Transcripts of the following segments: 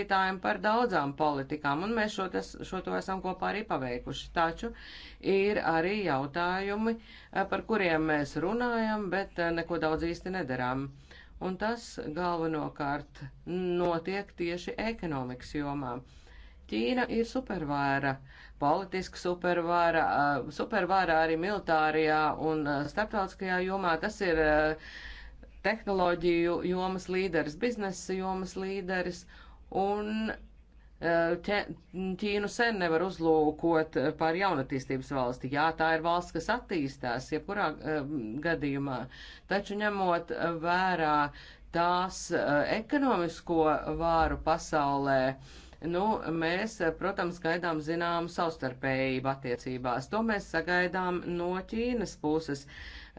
vadītājiem par daudzām politikām, un mēs šo, tas, šo to esam kopā arī paveikuši. Taču ir arī jautājumi, eh, par kuriem mēs runājam, bet eh, neko daudz īsti nedarām. Un tas galvenokārt notiek tieši ekonomikas jomā. Ķīna ir supervāra, politiska supervāra, eh, supervāra arī militārijā un starptautiskajā jomā. Tas ir tehnoloģiju jomas līderis, biznesa jomas līderis un eh, Ķīnu sen nevar uzlūkot eh, par jaunatīstības valsti. Jā, tā ir valsts, kas attīstās, jebkurā eh, gadījumā, taču ņemot vērā tās ekonomisko vāru pasaulē, nu, mēs, protams, gaidām zinām savstarpējību attiecībās. To mēs sagaidām no Ķīnas puses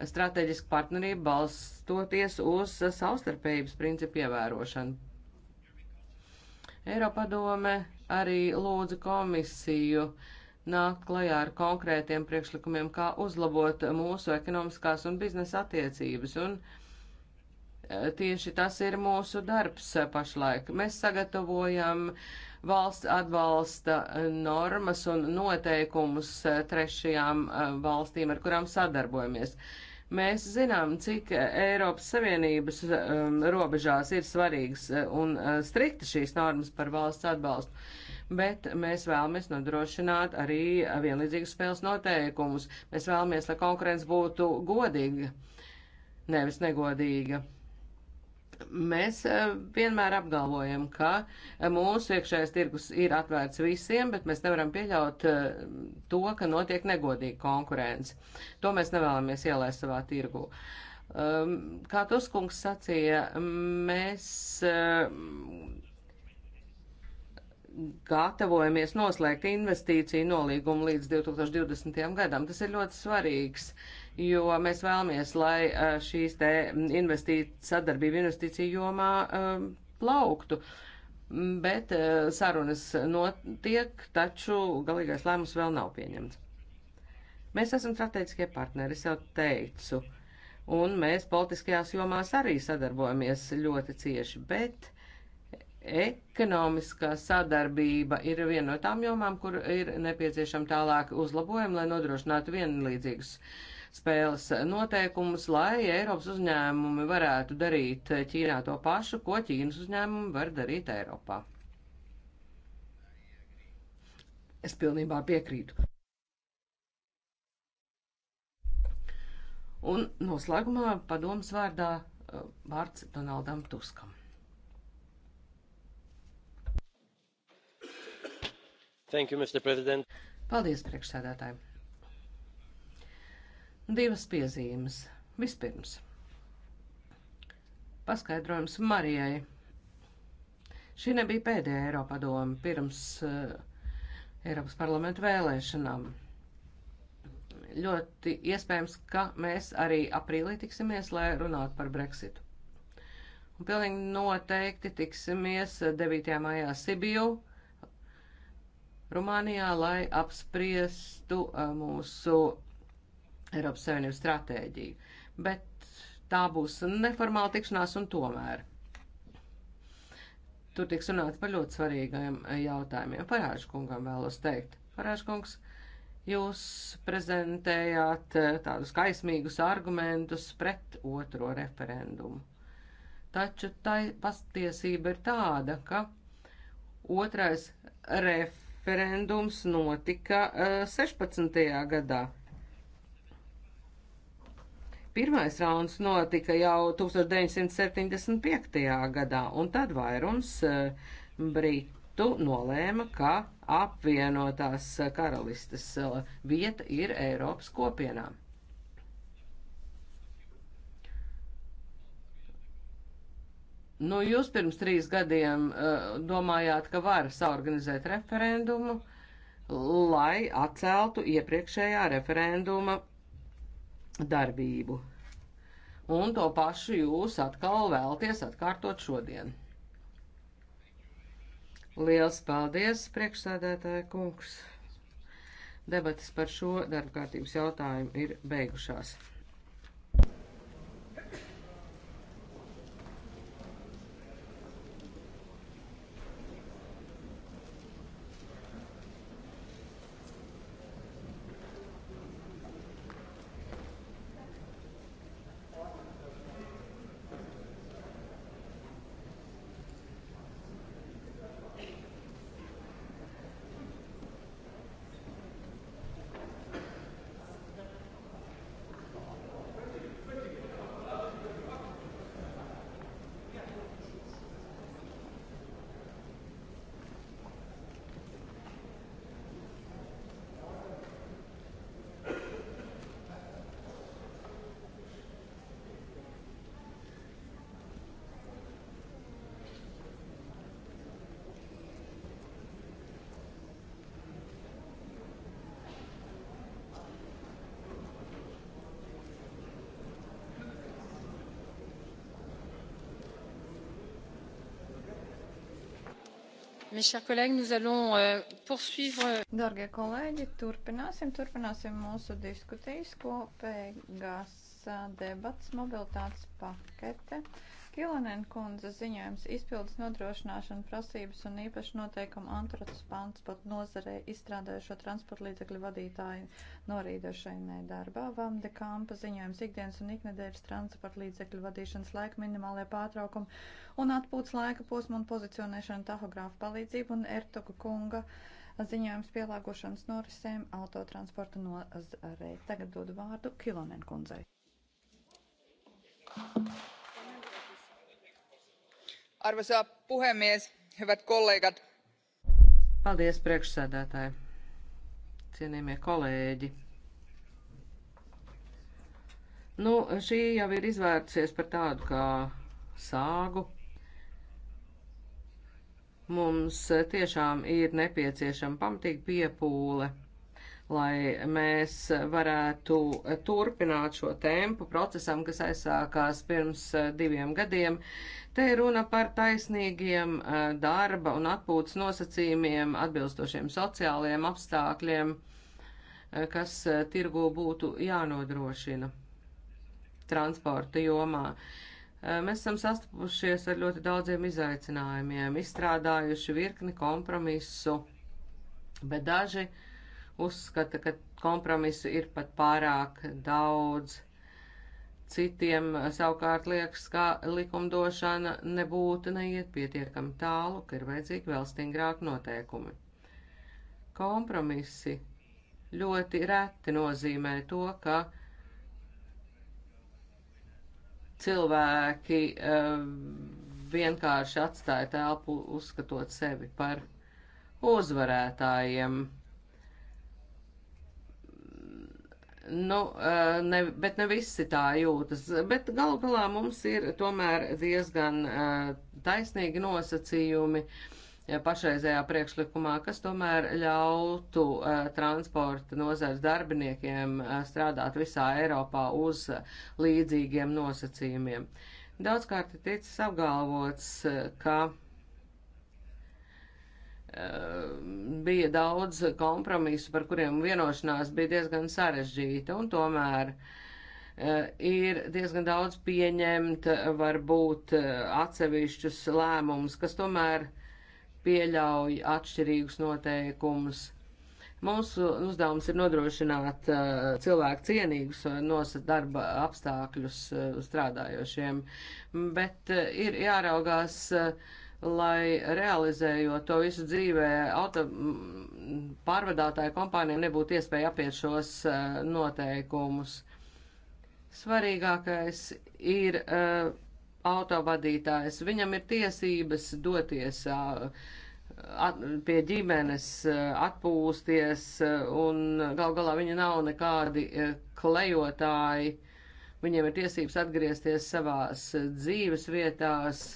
strateģiski partnerību balstoties uz savstarpējības principu ievērošanu. Eiropadome arī lūdza komisiju nākt klajā ar konkrētiem priekšlikumiem, kā uzlabot mūsu ekonomiskās un biznesa attiecības. Un e, tieši tas ir mūsu darbs e, pašlaik. Mēs sagatavojam valsts atbalsta e, normas un noteikumus trešajām valstīm, ar kurām sadarbojamies. Uh, Mēs zinām, cik eh, Eiropas Savienības um, robežās ir svarīgas eh, un uh, eh, strikta šīs normas par valsts atbalstu, bet mēs vēlamies nodrošināt arī vienlīdzīgus spēles noteikumus. Mēs vēlamies, lai konkurence būtu godīga, nevis negodīga. Mēs eh, vienmēr apgalvojam, ka eh, mūsu iekšējais tirgus ir atvērts visiem, bet mēs nevaram pieļaut eh, to, ka notiek negodīga konkurence. To mēs nevēlamies ielaist savā tirgu. Um, kā Tuskungs sacīja, mēs gatavojamies noslēgt investīciju nolīgumu līdz 2020. gadam. Tas ir ļoti svarīgs. Uh, jo mēs vēlamies, lai šīs te investī, sadarbība investīciju jomā plauktu. Bet sarunas notiek, taču galīgais lēmums vēl nav pieņemts. Mēs esam strateģiskie partneri, es jau teicu, un mēs politiskajās jomās arī sadarbojamies ļoti cieši, bet ekonomiskā sadarbība ir viena no tām jomām, kur ir nepieciešama tālāk uzlabojuma, lai nodrošinātu vienlīdzīgus uh, spēles noteikumus, lai Eiropas uzņēmumi varētu darīt Ķīnā to pašu, ko Ķīnas uzņēmumi var darīt Eiropā. Es pilnībā piekrītu. Un noslēgumā padoms vārdā uh, vārds Donaldam Tuskam. Thank you, Mr. President. Paldies, priekšsēdētāji. Divas piezīmes. Vispirms. Paskaidrojums Marijai. Šī nebija pēdējā Eiropadoma pirms uh, Eiropas parlamenta vēlēšanām. Ļoti iespējams, ka mēs arī aprīlī tiksimies, lai runātu par Brexitu. Un pilnīgi noteikti tiksimies 9. maijā Sibiju, Rumānijā, lai apspriestu eh, mūsu Eiropas Savienības stratēģiju. Bet tā būs neformāla tikšanās un tomēr. Tur tiks runāts par ļoti svarīgiem eh, jautājumiem. Parāžu kungam vēlos teikt. Parāžu kungs, jūs prezentējāt eh, tādus kaismīgus argumentus pret otro referendumu. Taču tai pastiesība ir tāda, ka otrais referendums notika 16. Eh, gadā Pirmais rauns notika jau 1975. gadā, un tad vairums e, Britu nolēma, ka apvienotās e, karalistes e, vieta ir Eiropas kopienā. Nu, jūs pirms trīs gadiem uh, domājāt, ka var saorganizēt referendumu, lai atceltu iepriekšējā referenduma darbību. Un to pašu jūs atkal vēlties atkārtot šodien. Liels paldies, priekšsēdētāja kungs! Debates par šo darbkārtības jautājumu ir beigušās. Euh, euh, Darbie kolēģi, turpināsim, turpināsim mūsu diskusijas kopīgās Uh, debats mobilitātes pakete. Kilonen kundze ziņojums izpildes nodrošināšana prasības un īpaši noteikumu antrotas pants pat nozarei izstrādājušo transporta līdzekļu vadītāju norīdošainai darbā. Vamde Kampa ziņojums ikdienas un iknedēļas transporta līdzekļu vadīšanas laika minimālajā pārtraukuma un atpūtas laika posma un pozicionēšana tahogrāfa palīdzību un Ertuga kunga ziņojums pielāgošanas norisēm autotransporta nozarei. Tagad dodu vārdu Kilonen kundzei. Arvoisa puhemies, hyvät kollegat. Paldies priekšsēdētāji, cienījamie kolēģi. Nu, šī jau ir izvērtusies par tādu kā sāgu. Mums tiešām ir nepieciešama pamatīga piepūle lai mēs varētu turpināt šo tempu procesam, kas aizsākās pirms eh, diviem gadiem. Te ir runa par taisnīgiem eh, darba un atpūtas nosacījumiem, atbilstošiem sociālajiem apstākļiem, eh, kas tirgu būtu jānodrošina transporta jomā. Mēs esam sastapušies ar ļoti daudziem izaicinājumiem, izstrādājuši virkni kompromisu, bet daži uh, uzskata, ka kompromisu ir pat pārāk daudz. Citiem savukārt liekas, ka likumdošana nebūtu neiet pietiekami tālu, ka ir vajadzīgi vēl stingrāk noteikumi. Kompromisi ļoti reti nozīmē to, ka cilvēki uh, vienkārši atstāja telpu uzskatot sevi par uzvarētājiem. Nu, eh, ne, bet ne visi tā jūtas. Bet galu galā mums ir tomēr diezgan eh, taisnīgi nosacījumi eh, pašreizējā priekšlikumā, kas tomēr ļautu transporta nozars darbiniekiem strādāt visā Eiropā uz līdzīgiem nosacījumiem. Daudzkārt ir ticis apgalvots, ka Ehm, bija daudz kompromisu, par kuriem vienošanās bija diezgan sarežģīta, un tomēr eh, ir diezgan daudz pieņemt varbūt eh, atsevišķus lēmumus, kas tomēr pieļauj atšķirīgus noteikumus. Mūsu uzdevums ir nodrošināt uh, cilvēku cienīgus nosat darba apstākļus uh, strādājošiem, bet uh, ir jāraugās uh, lai realizējot to visu dzīvē, auto pārvadātāju kompānijām nebūtu iespēja apiet šos uh, noteikumus. Svarīgākais ir uh, autovadītājs. Viņam ir tiesības doties uh, at, pie ģimenes, atpūsties, un gal galā viņi nav nekādi klejotāji. Viņiem ir tiesības atgriezties savās dzīves vietās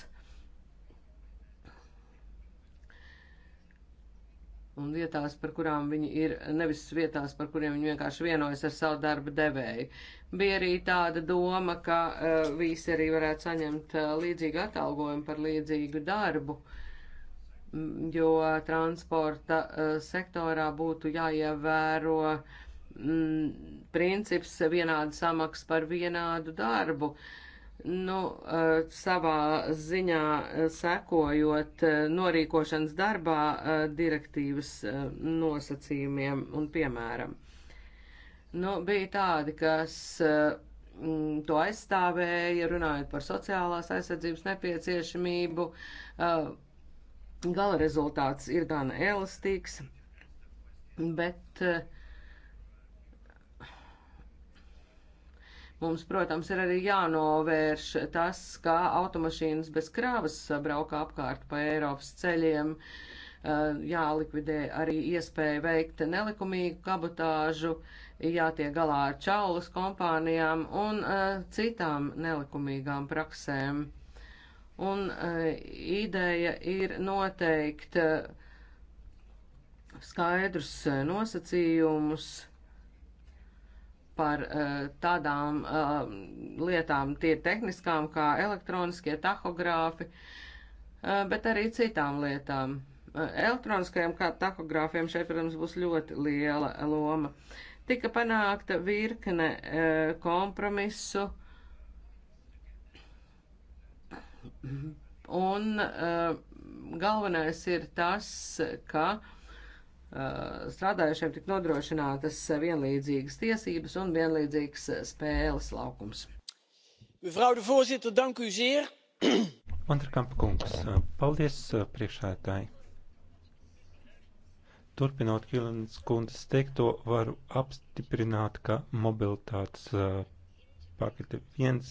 un vietās, par kurām viņi ir, nevis vietās, par kuriem viņi vienkārši vienojas ar savu darba devēju. Bija arī tāda doma, ka uh, visi arī varētu saņemt uh, līdzīgu atalgojumu par līdzīgu darbu, jo transporta uh, sektorā būtu jāievēro mm, princips vienāda samaksa par vienādu darbu. Uh, nu, eh, savā ziņā eh, sekojot eh, norīkošanas darbā direktīvas nosacījumiem un piemēram. Nu, bija tādi, kas mm, to aizstāvēja, runājot par sociālās aizsardzības nepieciešamību. Gala rezultāts ir gan elastīgs, bet uh, Mums, protams, ir arī jānovērš tas, kā automašīnas bez krāvas brauka apkārt pa Eiropas ceļiem. Eh, jālikvidē arī iespēja veikt nelikumīgu kabotāžu, jātiek galā ar čaulas kompānijām un eh, citām nelikumīgām praksēm. Un eh, ideja ir noteikti skaidrus nosacījumus par uh, tādām uh, lietām, tie tehniskām, kā elektroniskie tahogrāfi, uh, eh, bet arī citām lietām. Uh, elektroniskajiem tahogrāfiem šeit, protams, būs ļoti liela loma. Tika panākta virkne uh, kompromisu. Un uh, galvenais ir tas, ka uh, Eh, strādājušiem tik nodrošinātas vienlīdzīgas tiesības un vienlīdzīgs spēles laukums. Mevrouw de voorzitter, dank u zeer. Vanderkampa kungs, eh, paldies eh, priekšētāji. Turpinot Kilens kundas teikto, varu apstiprināt, ka mobilitātes pakete viens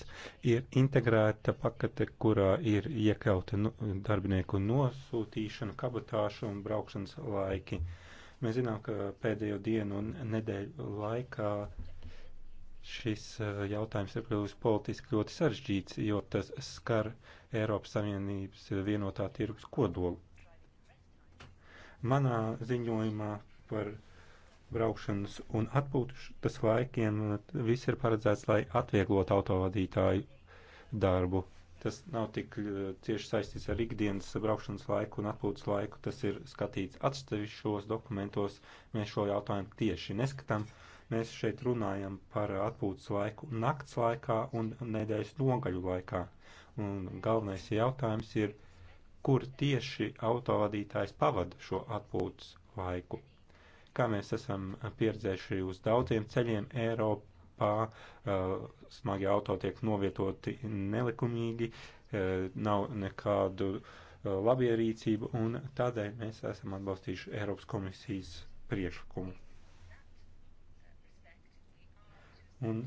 ir integrēta pakete, kurā ir iekļauta nu, darbinieku nosūtīšana, kabatāša un braukšanas laiki. Uh, Mēs zinām, ka pēdējo dienu un nedēļu laikā šis uh, jautājums ir kļuvis politiski ļoti sarežģīts, jo tas skar Eiropas Savienības vienotā tirgus kodolu. Manā ziņojumā par braukšanas un atpūtas laikiem uh, viss ir paredzēts, lai atvieglotu autovadītāju darbu. Tas nav tik eh, cieši saistīts ar ikdienas braukšanas laiku un atpūtas laiku. Tas ir skatīts atsevišķos dokumentos. Mēs šo jautājumu tieši neskatām. Mēs šeit runājam par atpūtas laiku nakts laikā un nedēļas nogaļu laikā. Un galvenais jautājums ir, kur tieši autovadītājs pavada šo atpūtas laiku. Kā mēs esam pieredzējuši uz daudziem ceļiem Eiropā, Eiropā smagi auto tiek novietoti nelikumīgi, nav nekādu labierīcību, un tādēļ mēs esam atbalstījuši Eiropas komisijas priekšlikumu. Un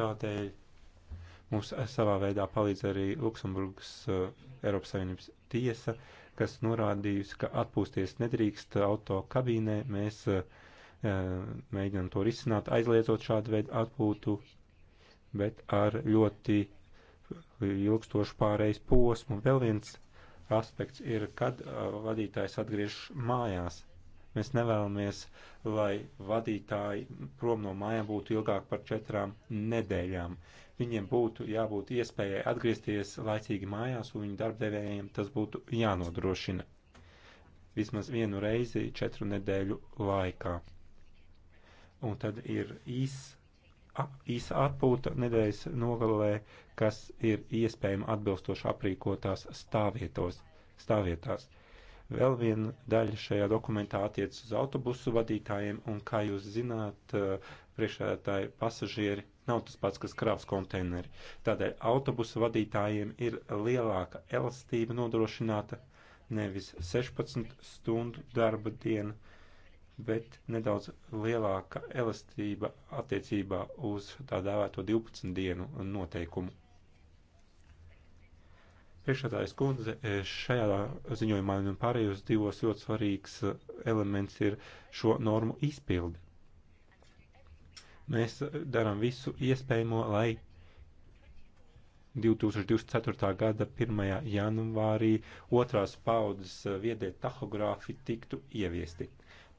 tādēļ mums savā veidā palīdz arī Luksemburgas uh, Eiropas Savienības tiesa, kas norādījusi, ka atpūsties nedrīkst auto kabīnē. Mēs uh, Eh, mēģinam to risināt, aizliedzot šādu veidu atpūtu, bet ar ļoti ilgstošu pārejas posmu. Vēl viens aspekts ir, kad eh, vadītājs atgriežas mājās. Mēs nevēlamies, lai vadītāji prom no mājām būtu ilgāk par četrām nedēļām. Viņiem būtu jābūt iespējai atgriezties laicīgi mājās, un viņu darbdevējiem tas būtu jānodrošina. Vismaz vienu reizi četru nedēļu laikā. Un tad ir īsa īs atpūta nedēļas nogalē, kas ir iespējama atbilstoši aprīkotās stāvvietos, stāvvietās. Vēl viena daļa šajā dokumentā attiecas uz autobusu vadītājiem, un, kā jūs zināt, priekšētāji pasažieri nav tas pats, kas krāvs konteineri. Tādēļ autobusu vadītājiem ir lielāka elastība nodrošināta nevis 16 stundu darba diena, bet nedaudz lielāka elastība attiecībā uz tā dēvēto 12 dienu noteikumu. Priekšsēdājas kundze, eh, šajā ziņojumā un pārējos divos ļoti svarīgs eh, elements ir šo normu izpildi. Mēs eh, darām visu iespējamo, lai 2024. gada 1. janvārī otrās paudzes viedie tahogrāfi tiktu ieviesti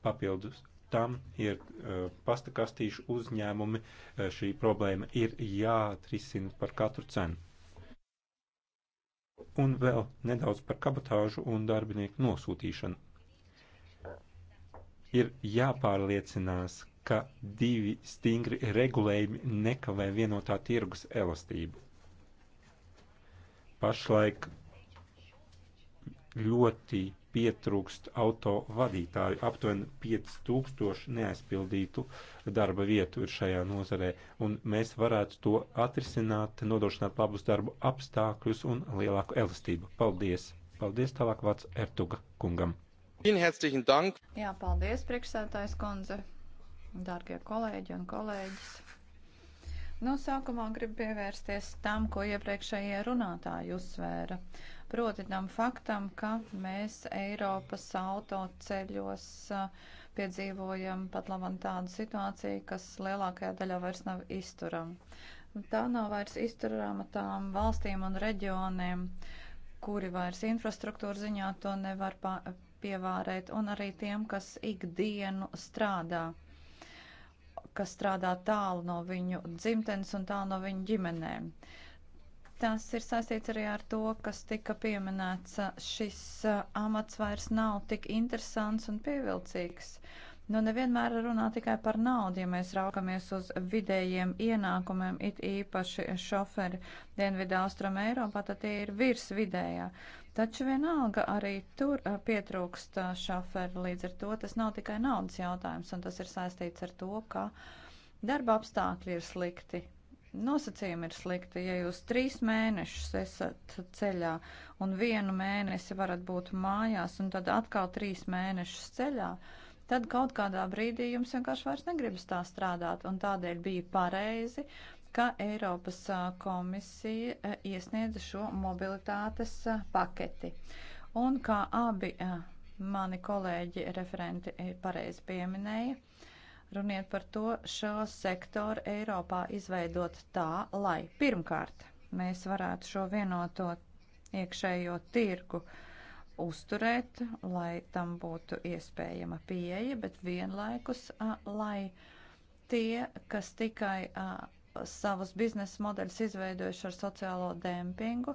Papildus tam ir uh, e, pastakastīšu uzņēmumi, uh, šī problēma ir jāatrisina par katru cenu. Un vēl nedaudz par kabatāžu un darbinieku nosūtīšanu. Ir jāpārliecinās, ka divi stingri regulējumi nekavē vienotā tirgus elastību. Pašlaik ļoti pietrūkst auto vadītāju. Aptuveni 5000 neaizpildītu darba vietu ir šajā nozarē, un mēs varētu to atrisināt, nodrošināt labus darbu apstākļus un lielāku elastību. Paldies! Paldies tālāk vārds Ertuga kungam. Jā, paldies, priekšsētājs kundze, dārgie kolēģi un kolēģis. No nu, sākumā gribu pievērsties tam, ko iepriekšējie runātāji uzsvēra. Uh, proti tam faktam, ka mēs Eiropas autoceļos piedzīvojam pat labam tādu situāciju, kas lielākajā daļā vairs nav izturama. Tā nav vairs izturama tām valstīm un reģioniem, kuri vairs infrastruktūra ziņā to nevar pievārēt, un arī tiem, kas ikdienu strādā kas strādā tālu no viņu dzimtenes un tālu no viņu ģimenēm. Uh, Tas ir saistīts arī ar to, kas tika pieminēts. Šis amats vairs nav tik interesants un pievilcīgs. Nu, nevienmēr runā tikai par naudu, ja mēs raugamies uz vidējiem ienākumiem, it īpaši šoferi Dienvidā Austram Eiropā, tad tie ir virs vidējā. Taču vienalga arī tur pietrūkst šoferi, līdz ar to tas nav tikai naudas jautājums, un tas ir saistīts ar to, ka darba apstākļi ir slikti, Nosacījumi ir slikti. Ja jūs trīs mēnešus esat ceļā un vienu mēnesi varat būt mājās un tad atkal trīs mēnešus ceļā, tad kaut kādā brīdī jums vienkārši vairs negribas tā strādāt. Un tādēļ bija pareizi, ka Eiropas komisija iesniedza šo mobilitātes paketi. Un kā abi mani kolēģi referenti e, pareizi pieminēja, Runiet par to šo sektoru Eiropā izveidot tā, lai pirmkārt mēs varētu šo vienoto iekšējo tirgu uzturēt, lai tam būtu iespējama pieeja, bet vienlaikus, a, lai tie, kas tikai a, savus biznesa modeļus izveidojuši ar sociālo dempingu,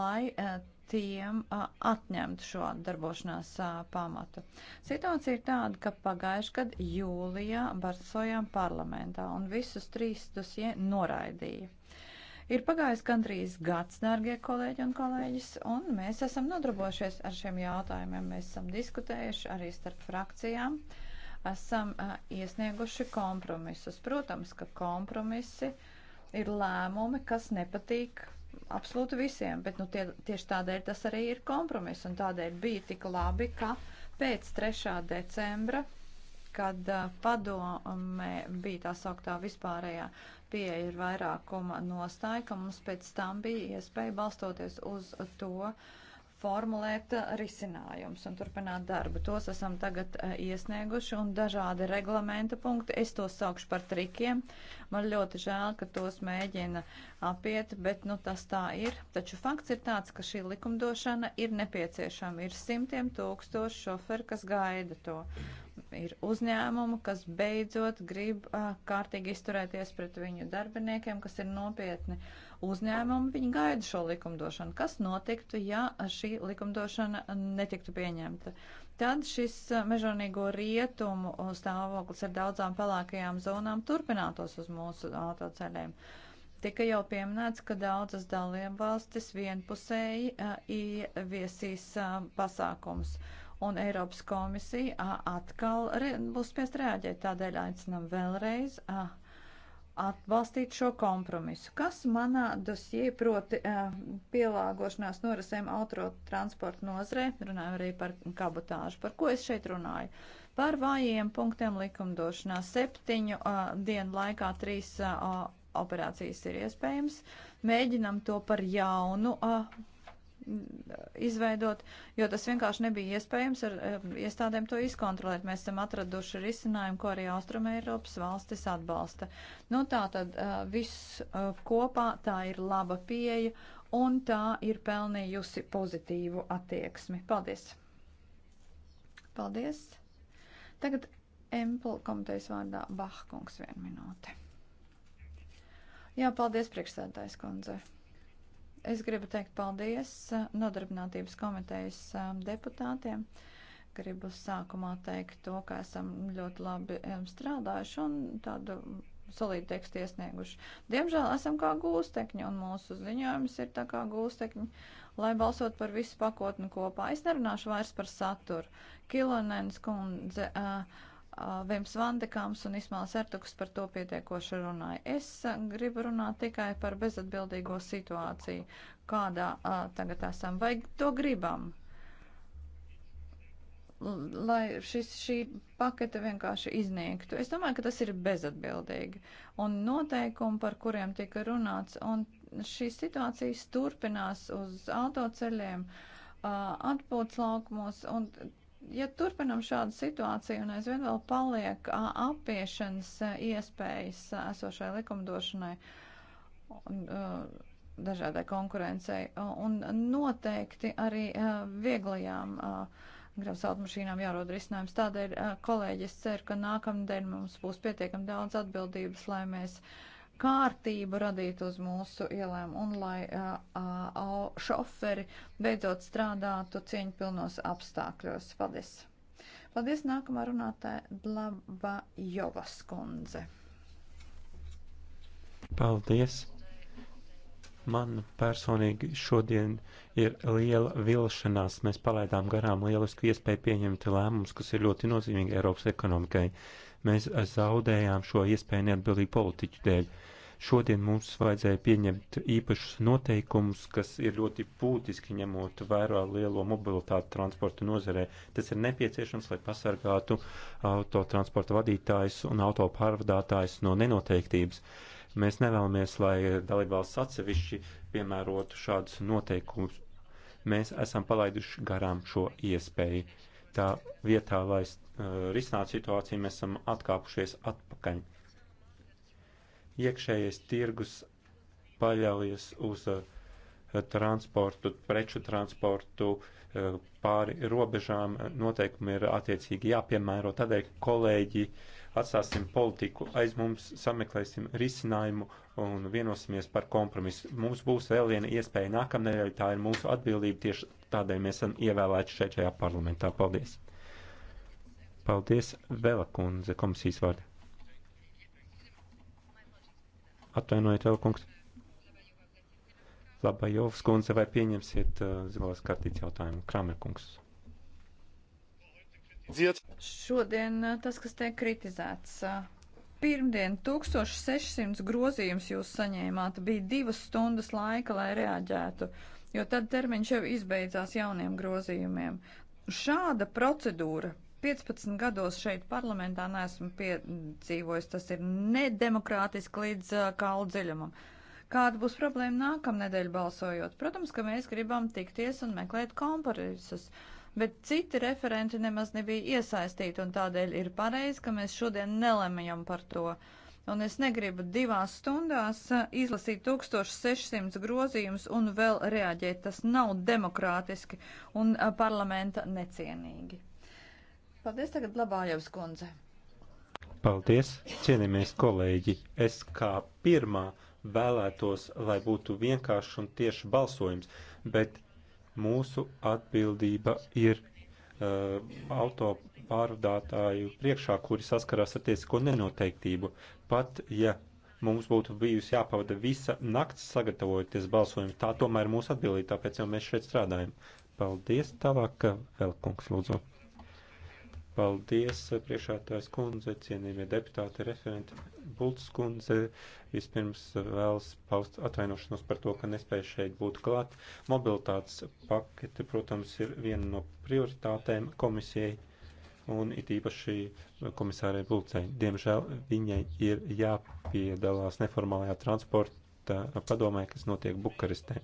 lai a, tiem atņemt šo darbošanās pamatu. Situācija ir tāda, ka pagājuši gad jūlijā barsojām parlamentā un visus trīs dosie noraidīja. Ir pagājis gandrīz gads, dārgie kolēģi un kolēģis, un mēs esam nodarbojušies ar šiem jautājumiem. Mēs esam diskutējuši arī starp frakcijām, esam uh, iesnieguši kompromisus. Protams, ka kompromisi ir lēmumi, kas nepatīk absolūti visiem, bet nu, tie, tieši tādēļ tas arī ir kompromiss un tādēļ bija tik labi, ka pēc 3. decembra, kad uh, padomē bija tā sauktā vispārējā pieeja ir vairākuma nostāja, ka mums pēc tam bija iespēja balstoties uz to, uh, formulēt uh, risinājums un turpināt darbu. Tos esam tagad uh, iesnieguši un dažādi reglamenta punkti. Es tos saukšu par trikiem. Man ļoti žēl, ka tos mēģina apiet, bet nu tas tā ir. Taču fakts ir tāds, ka šī likumdošana ir nepieciešama. Ir simtiem tūkstoši šoferi, kas gaida to ir uzņēmumu, kas beidzot grib uh, kārtīgi izturēties pret viņu darbiniekiem, kas ir nopietni uzņēmumi. Viņi gaida šo likumdošanu. Kas notiktu, ja šī likumdošana netiktu pieņemta? Tad šis mežonīgo rietumu stāvoklis ar daudzām pelēkajām zonām turpinātos uz mūsu autoceļiem. Tika jau pieminēts, ka daudzas dalībvalstis vienpusēji uh, ieviesīs uh, pasākums. Uh, un Eiropas komisija atkal būs spiest reaģēt. Tādēļ aicinam vēlreiz atbalstīt šo kompromisu, kas manā dosjē proti pielāgošanās norisēm autotransporta nozrē, runājam arī par kabotāžu, par ko es šeit runāju. Par vājiem punktiem likumdošanā septiņu uh, dienu laikā trīs uh, operācijas ir iespējams. Mēģinam to par jaunu uh, izveidot, jo tas vienkārši nebija iespējams ar eh, iestādēm to izkontrolēt. Mēs esam atraduši risinājumu, ko arī Austrum Eiropas valstis atbalsta. Nu tā tad eh, viss eh, kopā tā ir laba pieeja un tā ir pelnījusi pozitīvu attieksmi. Paldies! Paldies! Tagad Empel komitejas vārdā Bahkungs vienu minūti. Jā, paldies priekšsēdājas kundzei. Es gribu teikt paldies eh, nodarbinātības komitejas eh, deputātiem. Gribu sākumā teikt to, ka esam ļoti labi strādājuši un tādu solīdu tekstu iesnieguši. Diemžēl esam kā gūstekņi, un mūsu ziņojums ir tā kā gūstekņi, lai balsot par visu pakotni kopā. Es nerunāšu vairs par saturu. Kilonens kundze uh, Ah, Vims Vandekams un Ismāls Ertuks par to pietiekoši runāja. Es ah, gribu runāt tikai par bezatbildīgo situāciju, kādā a, ah, tagad esam, vai to gribam. Lai šis, šī pakete vienkārši izniektu. Es domāju, ka tas ir bezatbildīgi. Un noteikumi, par kuriem tika runāts, un šīs situācijas turpinās uz autoceļiem, atpūtas laukumos, un ja turpinam šādu situāciju un aizvien vēl paliek apiešanas iespējas esošai likumdošanai, dažādai konkurencei un noteikti arī vieglajām grāmatas automašīnām jārod risinājums. Tādēļ, kolēģi, es ceru, ka nākamdien mums būs pietiekami daudz atbildības, lai mēs uh, kārtību radītu uz mūsu ielēm un lai uh, šoferi beidzot strādātu cieņpilnos apstākļos. Paldies! Paldies nākamā runātāja Dlaba Jovas kundze. Paldies! Man personīgi šodien ir liela vilšanās. Mēs palaidām garām lielisku iespēju pieņemt lēmumus, kas ir ļoti nozīmīgi Eiropas ekonomikai. Mēs zaudējām šo iespēju neatbildīgu politiķu dēļ. Uh, Šodien mums vajadzēja pieņemt īpašus noteikumus, kas ir ļoti būtiski ņemot vērā lielo mobilitāti transporta nozarē. Tas ir nepieciešams, lai pasargātu autotransporta vadītājs un autopārvadātājs no nenoteiktības. Mēs nevēlamies, lai dalībvalsts atsevišķi piemērotu šādus noteikumus. Mēs esam palaiduši garām šo iespēju. Tā vietā, lai uh, risinātu situāciju, mēs esam atkāpušies atpakaļ. Uh, Iekšējais tirgus paļaujas uz eh, transportu, preču transportu eh, pāri robežām, noteikumi ir attiecīgi jāpiemēro. Tādēļ, kolēģi, atstāsim politiku aiz mums, sameklēsim risinājumu un vienosimies par kompromisu. Mums būs vēl viena iespēja nākamnedēļ, tā ir mūsu atbildība, tieši tādēļ mēs esam ievēlēti šeit šajā parlamentā. Paldies! Paldies, Vela kundze, komisijas vārdā. Atvainojiet, Elkungs. Labajovs kundze, vai pieņemsiet uh, zilās kartītes jautājumu? Kramerkungs. Šodien uh, tas, kas tiek kritizēts. Uh, pirmdien 1600 grozījums jūs saņēmāt, bija divas stundas laika, lai reaģētu, jo tad termiņš jau izbeidzās jauniem grozījumiem. Šāda procedūra 15 gados šeit parlamentā neesmu piedzīvojis, tas ir nedemokrātiski līdz uh, kauldziļumam. Kāda būs problēma nākamnedēļ balsojot? Protams, ka mēs gribam tikties un meklēt kompromisus, bet citi referenti nemaz nebija iesaistīti, un tādēļ ir pareizi, ka mēs šodien nelemjam par to. Un es negribu divās stundās izlasīt 1600 grozījumus un vēl reaģēt. Tas nav demokrātiski un parlamenta necienīgi. Paldies tagad Labājevs kundze. Paldies, cienījamies kolēģi. Es kā pirmā vēlētos, lai būtu vienkāršs un tieši balsojums, bet mūsu atbildība ir uh, auto pārvadātāju priekšā, kuri saskarās ar tiesisko nenoteiktību. Pat ja mums būtu bijusi jāpavada visa nakts sagatavojoties balsojumu, tā tomēr ir mūsu atbildība, tāpēc jau mēs šeit strādājam. Paldies, tālāk, uh, Velkungs, lūdzu. Paldies, priekšētājs kundze, cienījamie deputāti, referenti. Bultas kundze vispirms vēlas paust atvainošanos par to, ka nespēja šeit būt klāt. Mobilitātes pakete, protams, ir viena no prioritātēm komisijai un it īpaši komisārai Bulcei. Diemžēl viņai ir jāpiedalās neformālajā transporta padomē, kas notiek Bukarestē.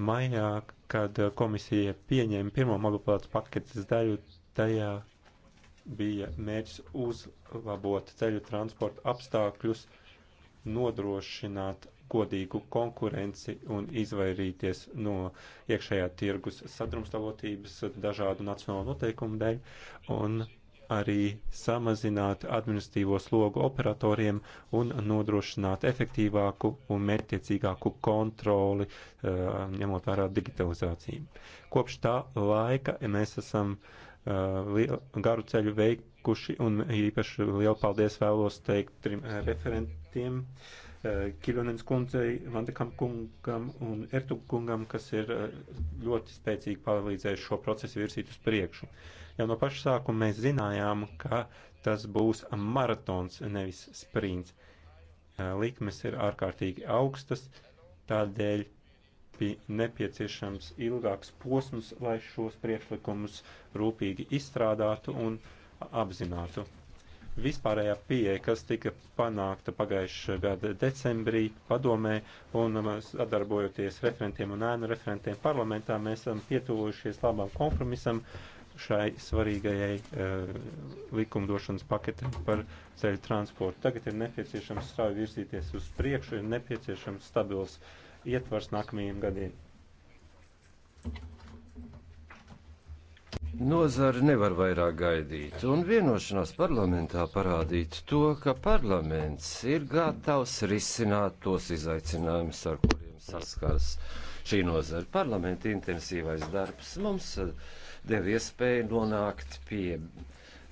Maijā, kad komisija pieņēma pirmo mobilitātes paketes daļu, tajā bija mērķis uzlabot ceļu transporta apstākļus, nodrošināt godīgu konkurenci un izvairīties no iekšējā tirgus sadrumstalotības dažādu nacionālu noteikumu dēļ. Un arī samazināt administratīvo slogu operatoriem un nodrošināt efektīvāku un mērķtiecīgāku kontroli, eh, ņemot vērā digitalizāciju. Kopš tā laika mēs esam eh, garu ceļu veikuši un īpaši lielu paldies vēlos teikt trim eh, referentiem. Kilonens kundzei, Vandekam kungam un Ertug kungam, kas ir ļoti spēcīgi palīdzējuši šo procesu virsīt uz priekšu. Uh, Jau no paša sākuma mēs zinājām, ka tas būs maratons, nevis sprints. Likmes ir ārkārtīgi augstas, tādēļ bija nepieciešams ilgāks posms, lai šos priekšlikumus rūpīgi izstrādātu un apzinātu. Vispārējā pieeja, kas tika panākta pagājušā gada decembrī padomē un um, sadarbojoties referentiem un ēnu referentiem parlamentā, mēs esam pietuvojušies labam kompromisam, uh, šai svarīgajai uh, likumdošanas paketei par ceļu transportu. Tagad ir nepieciešams strauji virzīties uz priekšu, ir nepieciešams stabils ietvars nākamajiem gadiem. Nozari nevar vairāk gaidīt, un vienošanās parlamentā parādīt to, ka parlaments ir gatavs risināt tos izaicinājumus, ar kuriem saskars šī nozara. Parlamenta intensīvais darbs mums. Uh, deva iespēju nonākt pie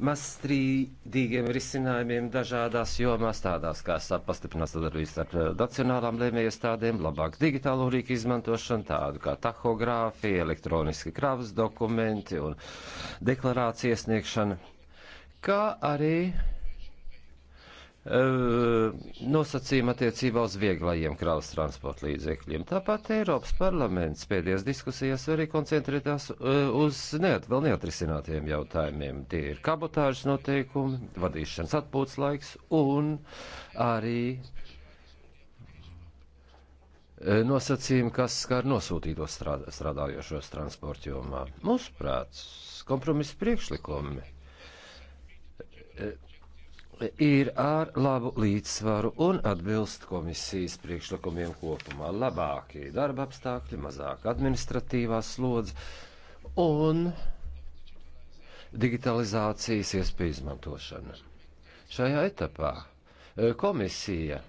mazstrīdīgiem risinājumiem dažādās jomās, tādās kā pastiprināt sadarbības ar eh, nacionālām lēmējiestādēm, labāk digitālo rīku izmantošanu, tādu kā tahogrāfija, elektroniski kravas dokumenti un deklarācija iesniegšana, kā arī Eh, nosacījumi attiecībā uz vieglajiem kravas transporta līdzekļiem. Tāpat Eiropas parlaments pēdējās diskusijās arī koncentrētās eh, uz neat, vēl neatrisinātiem jautājumiem. Tie ir kabotāžas noteikumi, vadīšanas atpūtas laiks un arī eh, nosacījumi, kas skar nosūtītos strādā, strādājošos transporta jomā. Mūsuprāt, kompromisa priekšlikumi ir ar labu līdzsvaru un atbilst komisijas priekšlikumiem kopumā. Labākie darba apstākļi, mazāk administratīvās slodze un digitalizācijas iespēju izmantošana. Šajā etapā e, komisija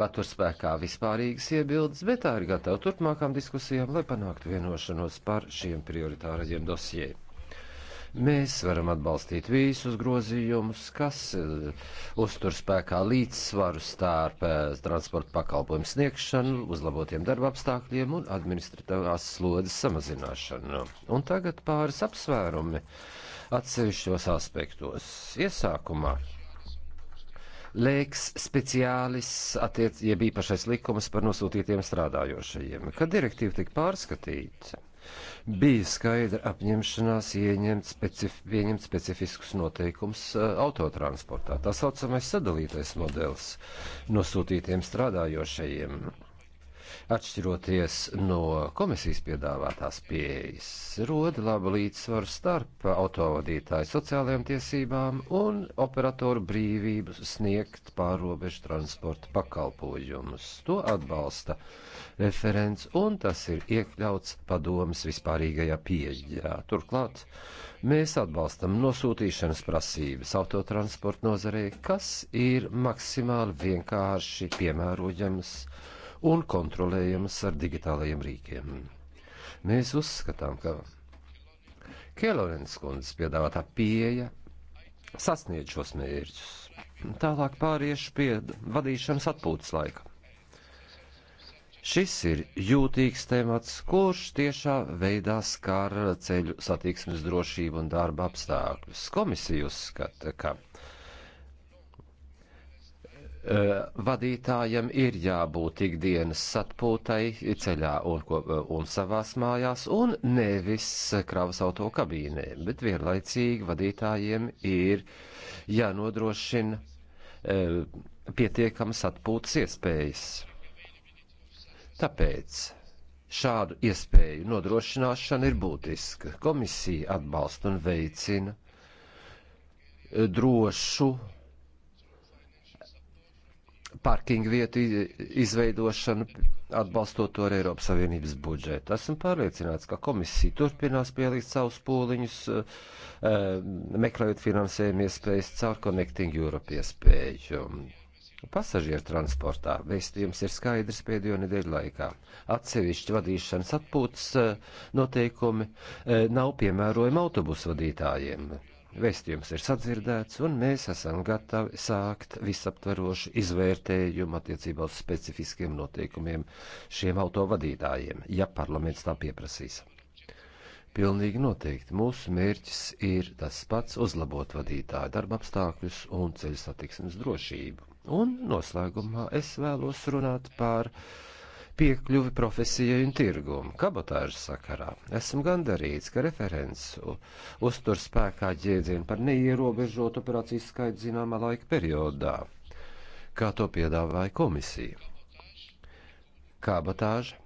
patur spēkā vispārīgas iebildes, bet tā ir gatava turpmākām diskusijām, lai panāktu vienošanos par šiem prioritārajiem dosijiem. Mēs varam atbalstīt visus grozījumus, kas eh, uztur spēkā līdzsvaru starp eh, transporta pakalpojumu sniegšanu, uzlabotiem darba apstākļiem un administratīvās slodzes samazināšanu. Un tagad pāris apsvērumi atsevišķos aspektos. Iesākumā lēks speciālis attiec, jeb īpašais likums par nosūtītiem strādājošajiem. Kad direktīva tika pārskatīta, bija skaidra apņemšanās ieņemt specif pieņemt specifiskus noteikumus eh, autotransportā. Tā saucamais sadalītais modelis nosūtītiem strādājošajiem atšķiroties no komisijas piedāvātās pieejas, roda labu līdzsvaru starp autovadītāju sociālajām tiesībām un operatoru brīvību sniegt pārobežu transporta pakalpojumus. To atbalsta referents, un tas ir iekļauts padomas vispārīgajā pieeģā. Turklāt mēs atbalstam nosūtīšanas prasības autotransporta nozarei, kas ir maksimāli vienkārši piemērojamas un kontrolējamas ar digitālajiem rīkiem. Mēs uzskatām, ka Kelorens kundzes piedāvātā pieeja sasniedz šos mērķus. Tālāk pāriešu pie vadīšanas atpūtas laika. Šis ir jūtīgs temats, kurš tiešā veidā skar ceļu satiksmes drošību un darba apstākļus. Komisija uzskata, ka Eh, vadītājam ir jābūt ikdienas satpūtai ceļā un, eh, un savās mājās, un nevis kravas auto kabīnē, bet vienlaicīgi vadītājiem ir jānodrošina e, eh, pietiekamas atpūtas iespējas. Tāpēc šādu iespēju nodrošināšana ir būtiska. Komisija atbalsta un veicina drošu parkinga vietu izveidošanu, atbalstot to ar Eiropas Savienības budžetu. Esmu pārliecināts, ka komisija turpinās pielikt savus pūliņus, eh, meklējot finansējumu iespējas caur Connecting Europe iespēju. Pasažieru transportā vēstījums ir skaidrs pēdējo nedēļu laikā. Atsevišķi vadīšanas atpūtas eh, noteikumi eh, nav piemērojami autobusu vadītājiem Vēstījums ir sadzirdēts, un mēs esam gatavi sākt visaptverošu izvērtējumu attiecībā uz specifiskiem noteikumiem šiem autovadītājiem, ja parlaments tā pieprasīs. Pilnīgi noteikti mūsu mērķis ir tas pats - uzlabot vadītāju darba apstākļus un ceļu satiksmes drošību. Un noslēgumā es vēlos runāt par uh, piekļuvi profesijai un tirgumu. Kabotāžas sakarā esmu gandarīts, ka referents uztur spēkā jēdzienu par neierobežotu operācijas skaitu zināmā laika periodā, kā to piedāvāja komisija. Kabotāža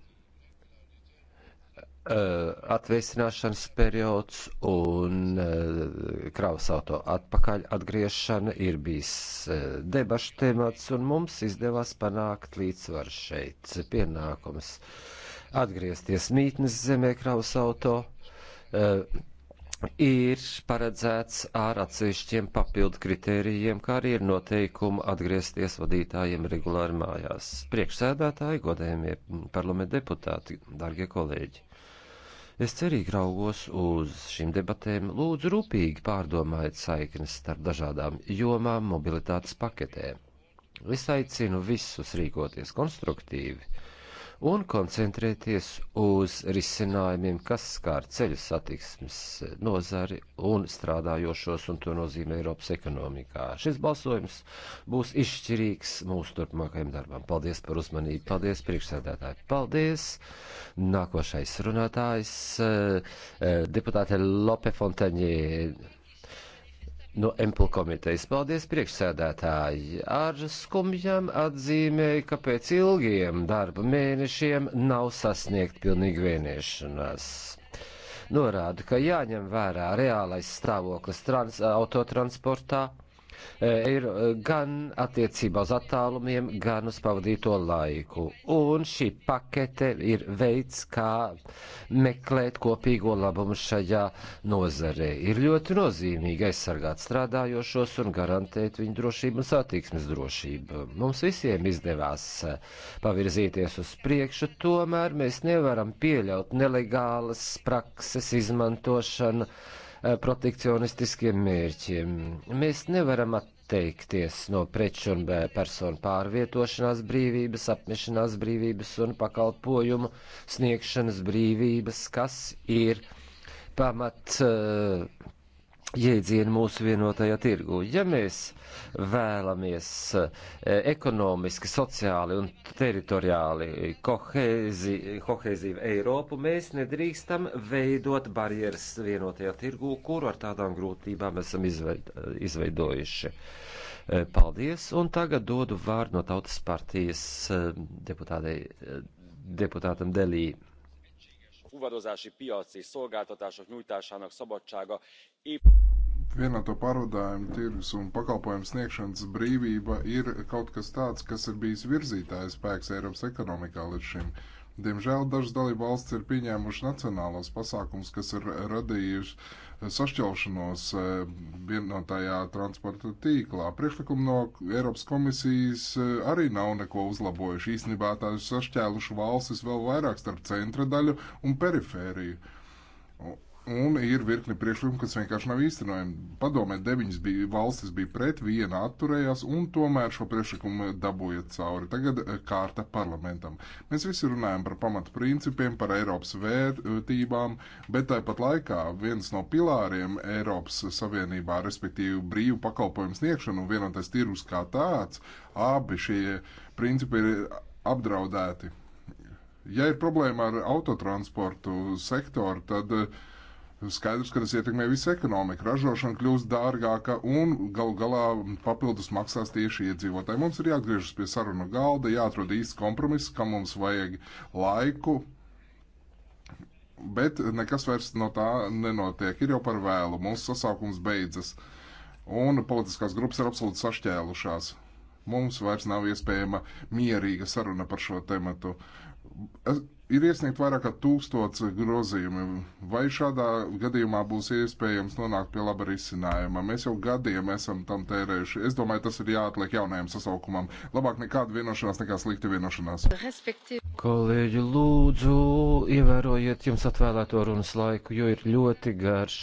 Eh, atvēsināšanas periods un eh, kravas auto atpakaļ atgriešana ir bijis eh, debašu temats, un mums izdevās panākt līdzsvaru šeit. Pienākums atgriezties mītnes zemē kravas auto ir paredzēts ar atsevišķiem papildu kritērijiem, kā arī ir noteikumi atgriezties vadītājiem regulāri mājās. Priekšsēdētāji, godējumie parlamenta deputāti, darbie kolēģi! Es cerīgi raugos uz šīm debatēm, lūdzu rūpīgi pārdomājiet saiknes starp dažādām jomām mobilitātes paketē. Es aicinu visus rīkoties konstruktīvi un koncentrēties uz risinājumiem, kas skār ceļu satiksmes nozari un strādājošos, un to nozīmē Eiropas ekonomikā. Šis balsojums būs izšķirīgs mūsu turpmākajam darbam. Paldies par uzmanību, paldies priekšsēdētāji, paldies! Nākošais runātājs, eh, eh, deputāte Lope Fontaņie. No Empla komitejas paldies priekšsēdētāji. Ar skumjām atzīmēja, ka pēc ilgiem darba mēnešiem nav sasniegt pilnīgi vieniešanās norāda, ka jāņem vērā reālais stāvoklis trans, autotransportā Eh, ir eh, gan attiecībā uz attālumiem, gan uz pavadīto laiku. Un šī pakete ir veids, kā meklēt kopīgo labumu šajā nozarē. Ir ļoti nozīmīgi aizsargāt strādājošos un garantēt viņu drošību un satiksmes drošību. Mums visiem izdevās eh, pavirzīties uz priekšu, tomēr mēs nevaram pieļaut nelegālas prakses izmantošanu. Eh, protekcionistiskiem mērķiem. Mēs nevaram atteikties no preču un personu pārvietošanās brīvības, apmešanās brīvības un pakalpojumu sniegšanas brīvības, kas ir pamat uh, jēdzienu mūsu vienotajā tirgu. Ja mēs vēlamies e, ekonomiski, sociāli un teritoriāli kohēzi, kohēzīvu Eiropu, mēs nedrīkstam veidot barjeras vienotajā tirgu, kuru ar tādām grūtībām esam izveidojuši. E, paldies, un tagad dodu vārdu no Tautas partijas e, deputātei, deputātam Delī fuvarozási piac és szolgáltatások nyújtásának szabadsága épp vienoto pārvadājumu tirgus un pakalpojumu sniegšanas brīvība ir kaut kas tāds, kas ir bijis virzītājs spēks Eiropas ekonomikā līdz šim. Uh, Diemžēl dažas dalība valsts ir pieņēmuši nacionālos pasākums, kas ir radījuši sašķelšanos eh, vienotājā transporta tīklā. Priekšlikumi no Eiropas komisijas eh, arī nav neko uzlabojuši. Īstenībā tās sašķēluši valstis vēl vairāk starp centra daļu un perifēriju. Un ir virkni priekšlikumu, kas vienkārši nav īstenojami. Padomē, deviņas bija, valstis bija pret, viena atturējās, un tomēr šo priekšlikumu dabūja cauri. Tagad eh, kārta parlamentam. Mēs visi runājam par pamatu principiem, par Eiropas vērtībām, bet tāpat laikā viens no pilāriem Eiropas Savienībā, respektīvi brīvu pakalpojumu sniegšanu un vienotais tirgus kā tāds, abi šie principi ir apdraudēti. Ja ir problēma ar autotransportu sektoru, tad uh, Skaidrs, ka tas ietekmē visu ekonomiku. Ražošana kļūst dārgāka un gal galā papildus maksās tieši iedzīvotāji. Mums ir jāatgriežas pie sarunu galda, jāatrod īsts kompromiss, kam mums vajag laiku. Bet nekas vairs no tā nenotiek. Ir jau par vēlu. Mūsu sasaukums beidzas. Un politiskās grupas ir absolūti sašķēlušās. Mums vairs nav iespējama mierīga saruna par šo tematu. Es, Ir iesniegt vairāk kā tūkstots grozījumi. Vai šādā gadījumā būs iespējams nonākt pie laba risinājuma? Mēs jau gadiem esam tam tērējuši. Es domāju, tas ir jāatliek jaunajam sasaukumam. Labāk nekāda vienošanās nekā slikta vienošanās. Respektīvi. Kolēģi, lūdzu, ievērojiet jums atvēlēto runas laiku, jo ir ļoti garš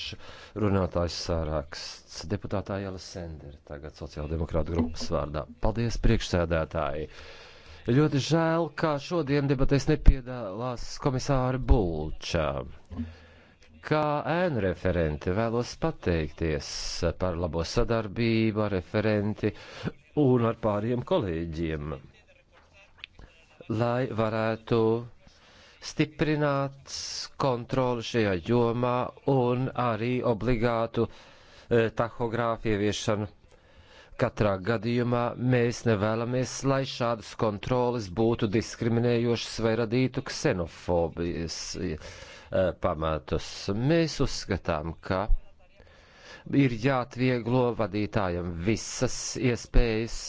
runātājs sāraksts. Deputātā Jāla Sendera, tagad sociāldemokrāta grupas vārdā. Paldies, priekšsēdētāji! Ļoti žēl, ka šodien debatēs nepiedalās komisāra Bulčā. Kā ēnu referente vēlos pateikties par labo sadarbību ar referenti un ar pāriem kolēģiem, lai varētu stiprināt kontroli šajā jomā un arī obligātu eh, tahogrāfu ieviešanu Katrā gadījumā mēs nevēlamies, lai šādas kontroles būtu diskriminējošas vai radītu ksenofobijas eh, pamatus. Mēs uzskatām, ka ir jāatvieglo vadītājam visas iespējas,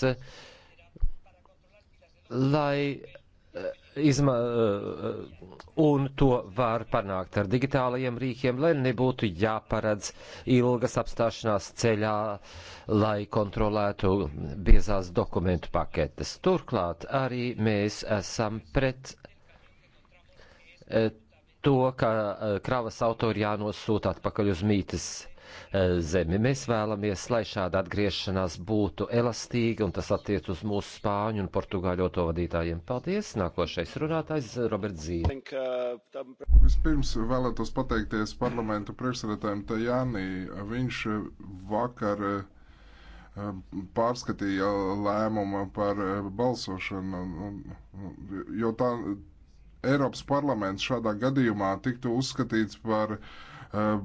lai izma, eh, un to var panākt ar digitālajiem rīkiem, lai nebūtu jāparedz ilgas apstāšanās ceļā, lai kontrolētu biezās dokumentu paketes. Turklāt arī mēs esam pret eh, to, ka eh, kravas autori jānosūta atpakaļ uz mītas zemi. Mēs vēlamies, lai šāda atgriešanās būtu elastīga, un tas attiec uz mūsu spāņu un portugāļu autovadītājiem. Paldies! Nākošais runātājs Roberts Zīle. Vispirms vēlētos pateikties parlamentu priekšsēdētājiem Tajānī. Viņš vakar eh, pārskatīja lēmumu par eh, balsošanu, jo tā Eiropas parlaments šādā gadījumā tiktu uzskatīts par uh, Eh,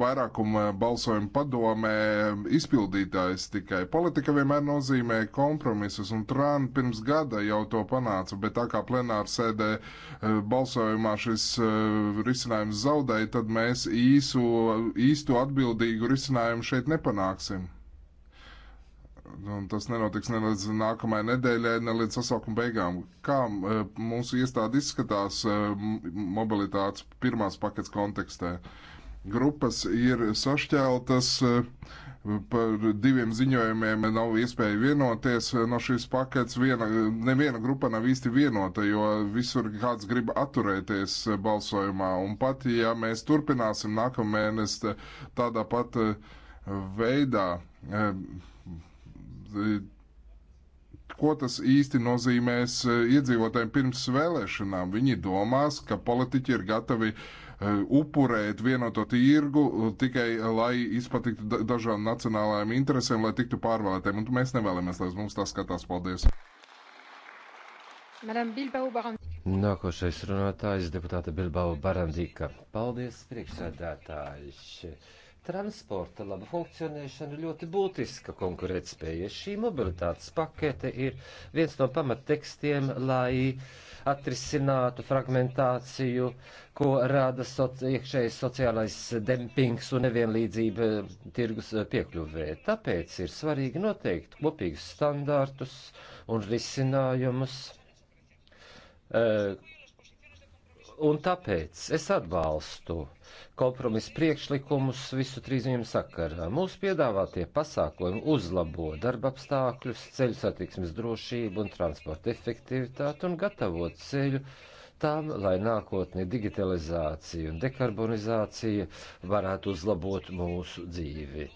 vairākuma balsojuma padomē izpildītājs tikai. Politika vienmēr nozīmē kompromisus, un Trāna pirms gada jau to panāca, bet tā kā plenāra sēdē eh, balsojumā šis eh, risinājums zaudēja, tad mēs īsu, īstu atbildīgu risinājumu šeit nepanāksim. Un tas nenotiks ne līdz nākamajai nedēļai, ne līdz sasaukuma beigām. Kā eh, mūsu iestāde izskatās eh, mobilitātes pirmās paketes kontekstē? Grupas ir sašķeltas, eh, par diviem ziņojumiem nav iespēja vienoties no šīs paketes. Viena, neviena grupa nav īsti vienota, jo visur kāds grib atturēties balsojumā. Un pat, ja mēs turpināsim nākamēnes tādā pat veidā, ko tas īsti nozīmēs eh, iedzīvotājiem pirms vēlēšanām. Viņi domās, ka politiķi ir gatavi eh, upurēt vienoto tirgu eh, tikai, lai izpatiktu dažām nacionālajām interesēm, lai tiktu pārvēlētiem. Un mēs nevēlamies, lai uz mums tas skatās. Paldies! Nākošais runātājs deputāta Bilbao Barandika. Paldies, priekšsēdētājs! Transporta laba funkcionēšana ir ļoti būtiska konkurētspēja. Šī mobilitātes pakete ir viens no pamattekstiem, lai atrisinātu fragmentāciju, ko rada soci iekšējais sociālais dempings un nevienlīdzība tirgus piekļuvē. Tāpēc ir svarīgi noteikt kopīgus standārtus un risinājumus. Uh, Un tāpēc es atbalstu kompromisu priekšlikumus visu trīs viņam sakarā. Mūsu piedāvātie pasākumi uzlabo darba apstākļus, ceļu satiksmes drošību un transporta efektivitāti un gatavo ceļu tām, lai nākotnē digitalizācija un dekarbonizācija varētu uzlabot mūsu dzīvi.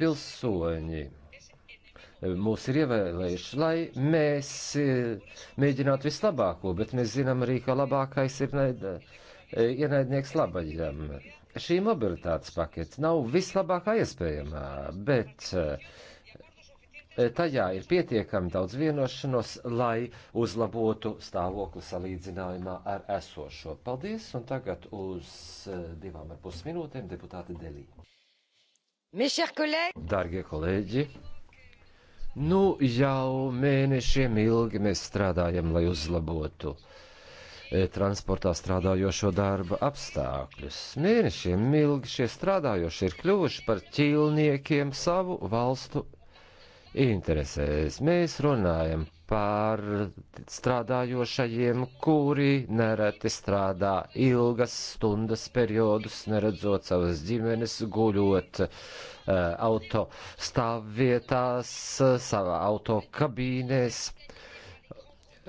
Pilsoņi mūs ir ievēlējuši, lai mēs e, mēģinātu vislabāko, bet mēs zinām arī, ka labākais ir naid, e, ienaidnieks labajam. Šī mobilitātes pakete nav vislabākā iespējamā, bet e, tajā ir pietiekami daudz vienošanos, lai uzlabotu stāvokli salīdzinājumā ar esošo. Paldies, un tagad uz divām ar pus minūtēm deputāte Delī. Dārgie kolēģi! Nu, jau mēnešiem ilgi mēs strādājam, lai uzlabotu e, transportā strādājošo darba apstākļus. Mēnešiem ilgi šie strādājošie ir kļuvuši par ķīlniekiem savu valstu interesēs. Mēs runājam par strādājošajiem, kuri nereti strādā ilgas stundas periodus, neredzot savas ģimenes, guļot uh, auto stāvvietās, savā auto kabīnēs. Uh,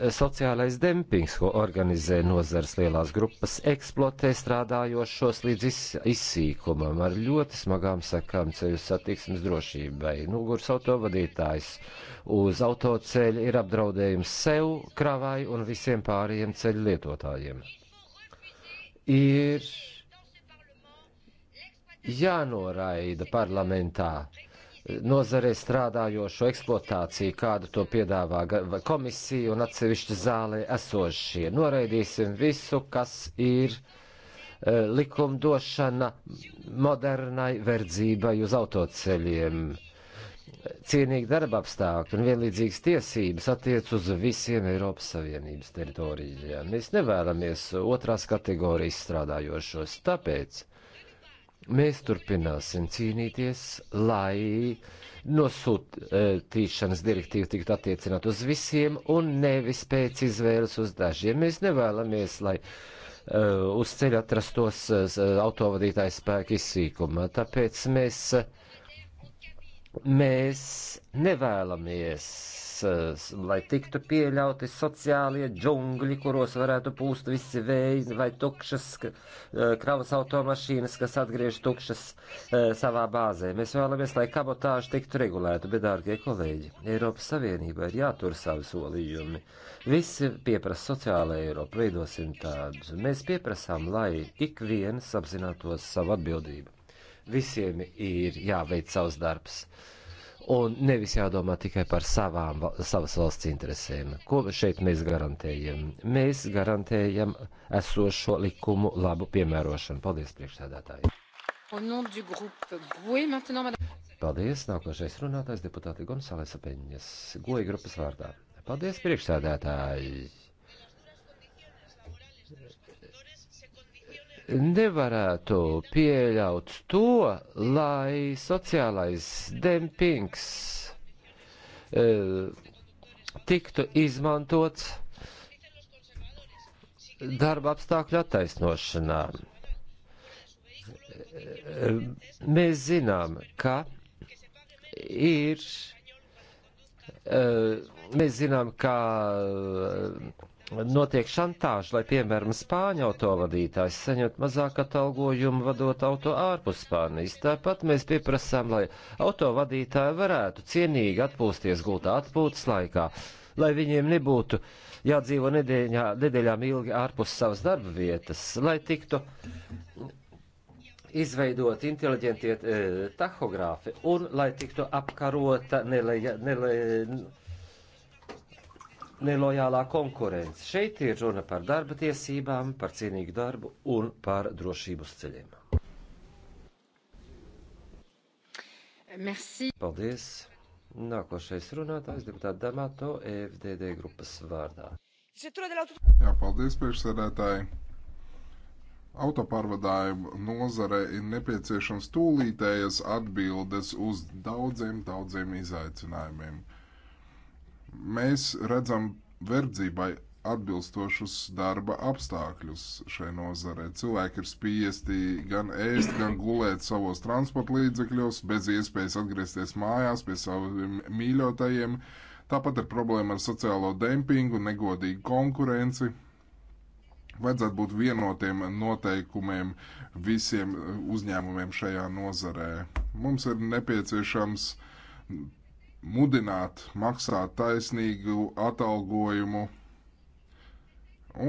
sociālais dempings, ko organizē nozars lielās grupas, eksploatē strādājošos līdz iz, izsīkumam ar ļoti smagām sakām ceļu satiksmes drošībai. Nogurs autovadītājs uz autoceļa ir apdraudējums sev, kravai un visiem pārējiem ceļu lietotājiem. Ir jānoraida parlamentā nozarē strādājošo eksploatāciju, kādu to piedāvā komisija un atsevišķi zālē esošie. Noraidīsim visu, kas ir e, likumdošana modernai verdzībai uz autoceļiem. Cienīgi darba apstākļi un vienlīdzīgas tiesības attiec uz visiem Eiropas Savienības teritorijiem. Mēs nevēlamies otrās kategorijas strādājošos, tāpēc Mēs turpināsim cīnīties, lai nosūtīšanas direktīva tiktu attiecināt uz visiem un nevis pēc izvēles uz dažiem. Mēs nevēlamies, lai uh, uz ceļa atrastos uh, autovadītāju spēku izsīkumā. Tāpēc mēs, mēs nevēlamies lai tiktu pieļauti sociālie džungļi, kuros varētu pūst visi vēji vai tukšas kravas automašīnas, kas atgriež tukšas savā bāzē. Mēs vēlamies, lai kabotāža tiktu regulēta, bet, dārgie kolēģi, Eiropas Savienībai ir jātur savi solījumi. Visi pieprasa sociālo Eiropu, veidosim tādu. Mēs pieprasām, lai ik viens apzinātos savu atbildību. Visiem ir jāveic savs darbs un nevis jādomā tikai par savām, savas valsts interesēm. Ko šeit mēs garantējam? Mēs garantējam esošo likumu labu piemērošanu. Paldies, priekšsēdētāji! Paldies, nākošais runātājs deputāti Gonsalesa Peņas, goja grupas vārdā. Paldies, priekšsēdētāji! nevarētu pieļaut to, lai sociālais dempings e, tiktu izmantots darba apstākļu attaisnošanā. Mēs zinām, ka ir, e, mēs zinām, ka notiek šantāža, lai, piemēram, spāņu autovadītājs saņemt mazāk atalgojumu vadot auto ārpus Spānijas. Tāpat mēs pieprasām, lai autovadītāji varētu cienīgi atpūsties gultā atpūtas laikā, lai viņiem nebūtu jādzīvo nedēļā, nedēļām ilgi ārpus savas darba vietas, lai tiktu izveidot inteliģentie eh, tahogrāfi un lai tiktu apkarota nelai. nelai nelojālā konkurence. Šeit ir runa par darba tiesībām, par cienīgu darbu un par drošību uz ceļiem. Merci. Paldies! Nākošais runātājs deputāta Damato EFDD grupas vārdā. Jā, paldies, priekšsēdētāji! Autopārvadājuma nozare ir nepieciešams tūlītējas atbildes uz daudziem, daudziem izaicinājumiem. Uh, Mēs redzam verdzībai atbilstošus darba apstākļus šai nozarē. Cilvēki ir spiesti gan ēst, gan gulēt savos transporta līdzekļos, bez iespējas atgriezties mājās pie saviem mīļotajiem. Tāpat ir problēma ar sociālo dempingu, negodīgu konkurenci. Vajadzētu būt vienotiem noteikumiem visiem uzņēmumiem šajā nozarē. Mums ir nepieciešams mudināt maksāt taisnīgu atalgojumu,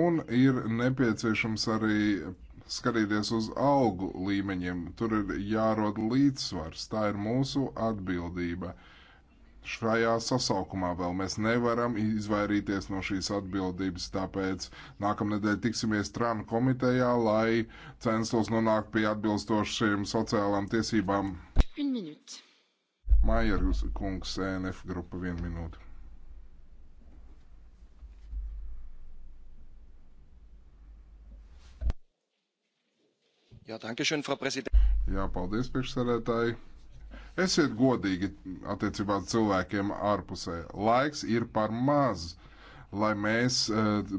un ir nepieciešams arī skatīties uz algu līmeņiem. Tur ir jārod līdzsvars, tā ir mūsu atbildība. Šajā sasaukumā vēl mēs nevaram izvairīties no šīs atbildības, tāpēc nākamnedēļ tiksimies Trānu komitejā, lai censtos nonākt pie atbilstošiem sociālām tiesībām. Une minūte. Mājers kungs, e NF grupa, viena minūte. Jā, dankeschön, Frau Präsident. Jā, paldies, priekšsēdētāji. Esiet godīgi attiecībā cilvēkiem ārpusē. Laiks ir par maz, lai mēs uh,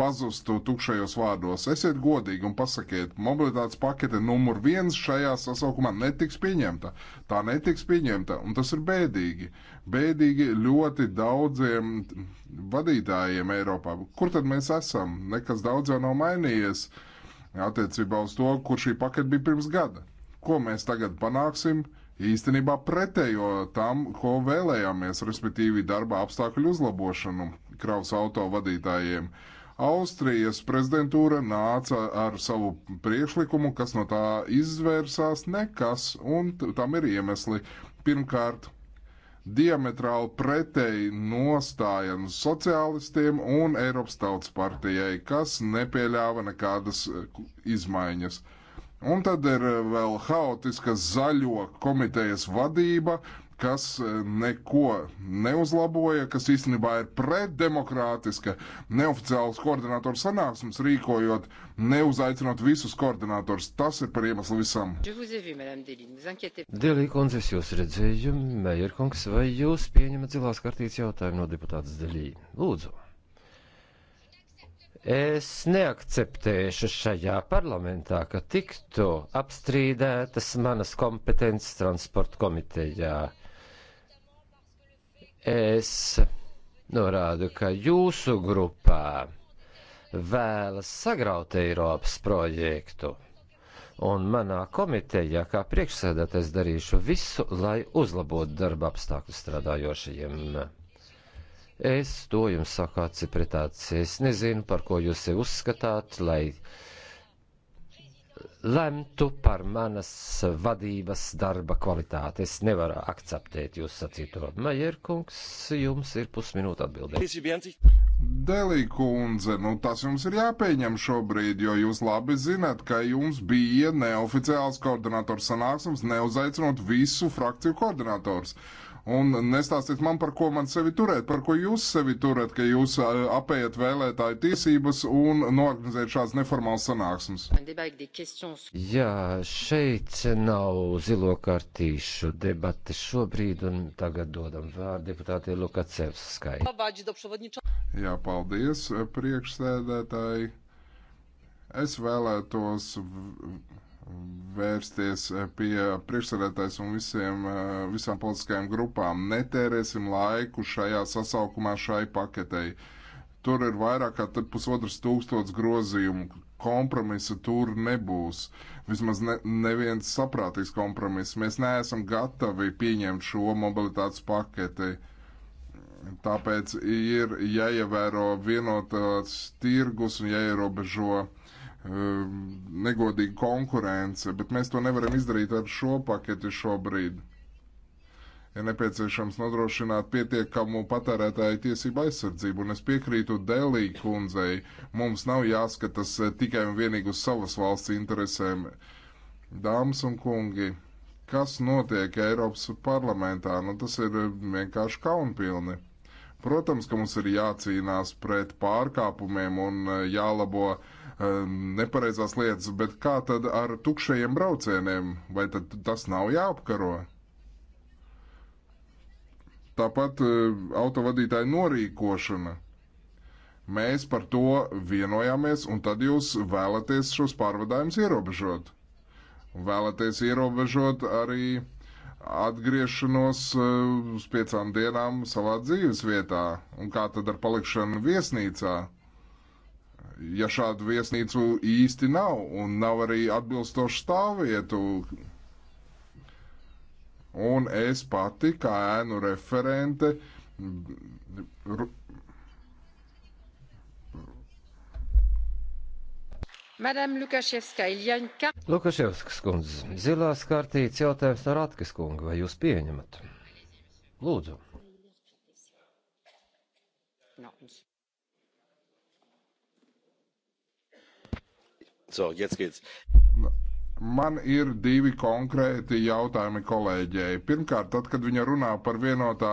pazustu tukšajos vārdos. Esiet godīgi un pasakiet, mobilitātes pakete numur viens šajā sasaukumā netiks pieņemta. Tā netiks pieņemta, un tas ir bēdīgi. Bēdīgi ļoti daudziem vadītājiem Eiropā. Kur tad mēs esam? Nekas daudz jau nav mainījies attiecībā uz to, kur šī pakete bija pirms gada. Ko mēs tagad panāksim? Īstenībā pretējo tam, ko vēlējāmies, respektīvi darba apstākļu uzlabošanu kravas auto vadītājiem. Uh, Austrijas prezidentūra nāca ar savu priekšlikumu, kas no tā izvērsās nekas, un tam ir iemesli. Pirmkārt, diametrāli pretēji nostāja sociālistiem un Eiropas tautas partijai, kas nepieļāva nekādas e, izmaiņas. Un tad ir e, vēl haotiska zaļo komitejas vadība, kas e, neko neuzlaboja, kas īstenībā ir pretdemokrātiska, neoficiāls koordinātoru sanāksmes rīkojot, neuzaicinot visus koordinātors. Tas ir par iemeslu visam. Delī kundze, es jūs redzēju, Mejerkungs, vai jūs pieņemat zilās kartītes jautājumu no deputātas Delī? Lūdzu. Es neakceptēšu šajā parlamentā, ka tiktu apstrīdētas manas kompetences transporta komitejā. Es norādu, ka jūsu grupā vēlas sagraut Eiropas projektu, un manā komitejā, kā priekšsēdētājs, darīšu visu, lai uzlabotu darba apstākļus strādājošajiem. Es to jums saku aci pret aci. Es nezinu, par ko jūs sevi uzskatāt, lai lemtu par manas vadības darba kvalitāti. Es nevaru akceptēt jūs sacīto. Majerkungs, jums ir pusminūte atbildēt. Delī kundze, nu tas jums ir jāpieņem šobrīd, jo jūs labi zināt, ka jums bija neoficiāls koordinators sanāksums, neuzaicinot visu frakciju koordinators. Uh, Un nestāstiet man, par ko man sevi turēt, par ko jūs sevi turat, ka jūs apējat vēlētāju tiesības un norganizējat šāds neformāls sanāksmes. Jā, šeit nav zilo kartīšu debate šobrīd, un tagad dodam vārdu deputātei Lukacevskai. Jā, paldies, priekšsēdētāji. Es vēlētos vērsties eh, pie priekšsēdētājs un visiem, eh, visām politiskajām grupām. Netērēsim laiku šajā sasaukumā šai paketei. Tur ir vairāk kā pusotras tūkstots grozījumu. Kompromisa tur nebūs. Vismaz ne, neviens saprātīgs kompromiss. Mēs neesam gatavi pieņemt šo mobilitātes paketi. Tāpēc ir jāievēro vienotās tirgus un jāierobežo uh, Ehm, negodīga konkurence, bet mēs to nevaram izdarīt ar šo paketi šobrīd. Ir ja nepieciešams nodrošināt pietiekamu patērētāju tiesību aizsardzību, un es piekrītu Delī kundzei, mums nav jāskatās tikai un vienīgi uz savas valsts interesēm. Dāmas un kungi, kas notiek Eiropas parlamentā? Nu, tas ir vienkārši kaunpilni. Protams, ka mums ir jācīnās pret pārkāpumiem un eh, jālabo eh, nepareizās lietas, bet kā tad ar tukšajiem braucieniem? Vai tad tas nav jāapkaro? Tāpat eh, autovadītāja norīkošana. Mēs par to vienojāmies, un tad jūs vēlaties šos pārvadājumus ierobežot. Vēlaties ierobežot arī uh, atgriešanos eh, uz piecām dienām savā dzīves vietā. Un kā tad ar palikšanu viesnīcā? Ja šādu viesnīcu īsti nav un nav arī atbilstošu stāvvietu, un es pati kā ēnu referente Lukaševskas kundze, zilās kārtīts jautājums no Ratkas kunga, vai jūs pieņemat? Lūdzu. So, jetzt geht's. Nu, man ir divi konkrēti jautājumi kolēģei. Pirmkārt, tad, kad viņa runā par vienotā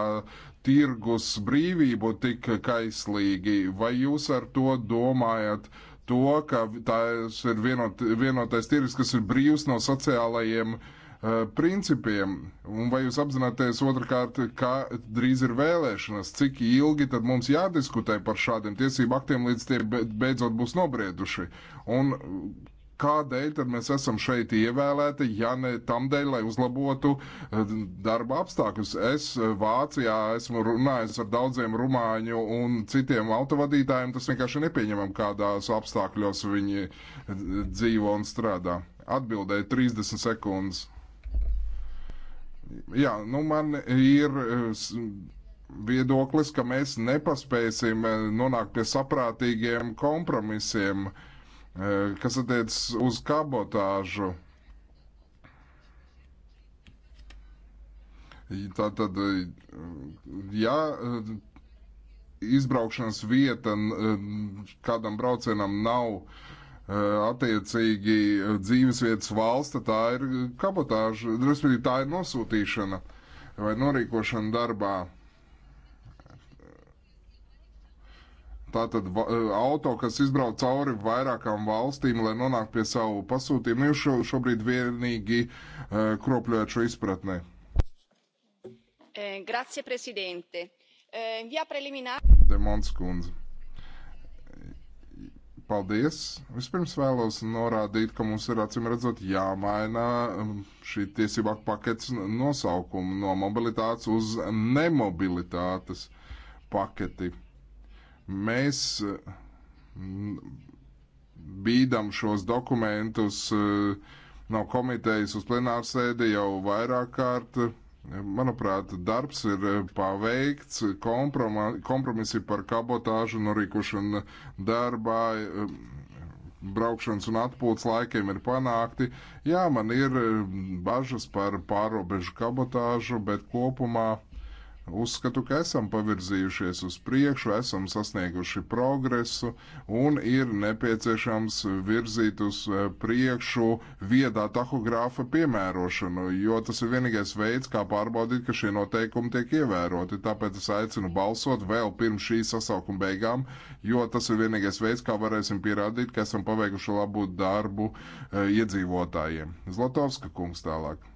tirgus brīvību tik kaislīgi, vai jūs ar to domājat uh, to, ka tās ir vienot, vienotais tirgus, kas ir brīvs no sociālajiem uh, principiem. Un vai jūs apzināties otrkārt, ka drīz ir vēlēšanas, cik ilgi tad mums jādiskutē par šādiem tiesību aktiem, līdz tie beidzot būs nobrieduši? Un Kādēļ tad mēs esam šeit ievēlēti, ja ne tam dēļ, lai uzlabotu eh, darba apstākļus? Es eh, Vācijā esmu runājis ar daudziem rumāņu un citiem autovadītājiem, tas vienkārši nepieņemam, kādās apstākļos viņi eh, dzīvo un strādā. Atbildēja 30 sekundes. Jā, nu man ir viedoklis, ka mēs nepaspēsim nonākt pie saprātīgiem kompromisiem uh, Kas attiecas uz kabotāžu, Tātad, ja izbraukšanas vieta kādam braucienam nav attiecīgi dzīvesvietas valsts, tad tā ir kabotāža, respektīvi tā ir nosūtīšana vai norīkošana darbā. Tātad e, auto, kas izbrauc cauri vairākām valstīm, lai nonāktu pie savu pasūtījumu, jau šo, šobrīd vienīgi uh, e, kropļojot šo izpratnē. E, grazie, prezidente. Via preliminā... Demons kundze. Paldies. Vispirms vēlos norādīt, ka mums ir acīm redzot jāmaina um, šī tiesību aktu paketes nosaukuma no mobilitātes uz nemobilitātes paketi Mēs eh, bīdam šos dokumentus eh, no komitejas uz plenārsēdi jau vairāk kārt. Manuprāt, darbs ir eh, paveikts, kompromisi par kabotāžu, norīkošanu darbā, braukšanas un atpūtas laikiem ir panākti. Jā, man ir bažas par pārobežu kabotāžu, bet kopumā Uzskatu, ka esam pavirzījušies uz priekšu, esam sasnieguši progresu un ir nepieciešams virzīt uz eh, priekšu viedā tahogrāfa piemērošanu, jo tas ir vienīgais veids, kā pārbaudīt, ka šie noteikumi tiek ievēroti. Tāpēc es aicinu balsot vēl pirms šī sasaukuma beigām, jo tas ir vienīgais veids, kā varēsim pierādīt, ka esam paveikuši labu darbu e, iedzīvotājiem. Zlatovska kungs tālāk.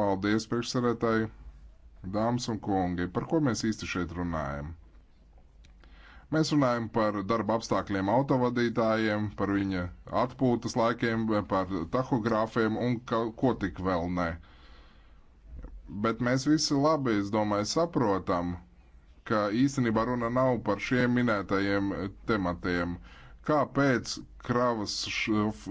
Paldies, priekšsarētāji, dāmas un kungi. Par ko mēs īsti šeit runājam? Mēs runājam par darba apstākļiem autovadītājiem, par viņa atpūtas laikiem, par tahogrāfiem un ka, ko tik vēl ne. Bet mēs visi labi, es domāju, saprotam, ka īstenībā runa nav par šiem minētajiem tematiem. Uh, kāpēc kravas šof,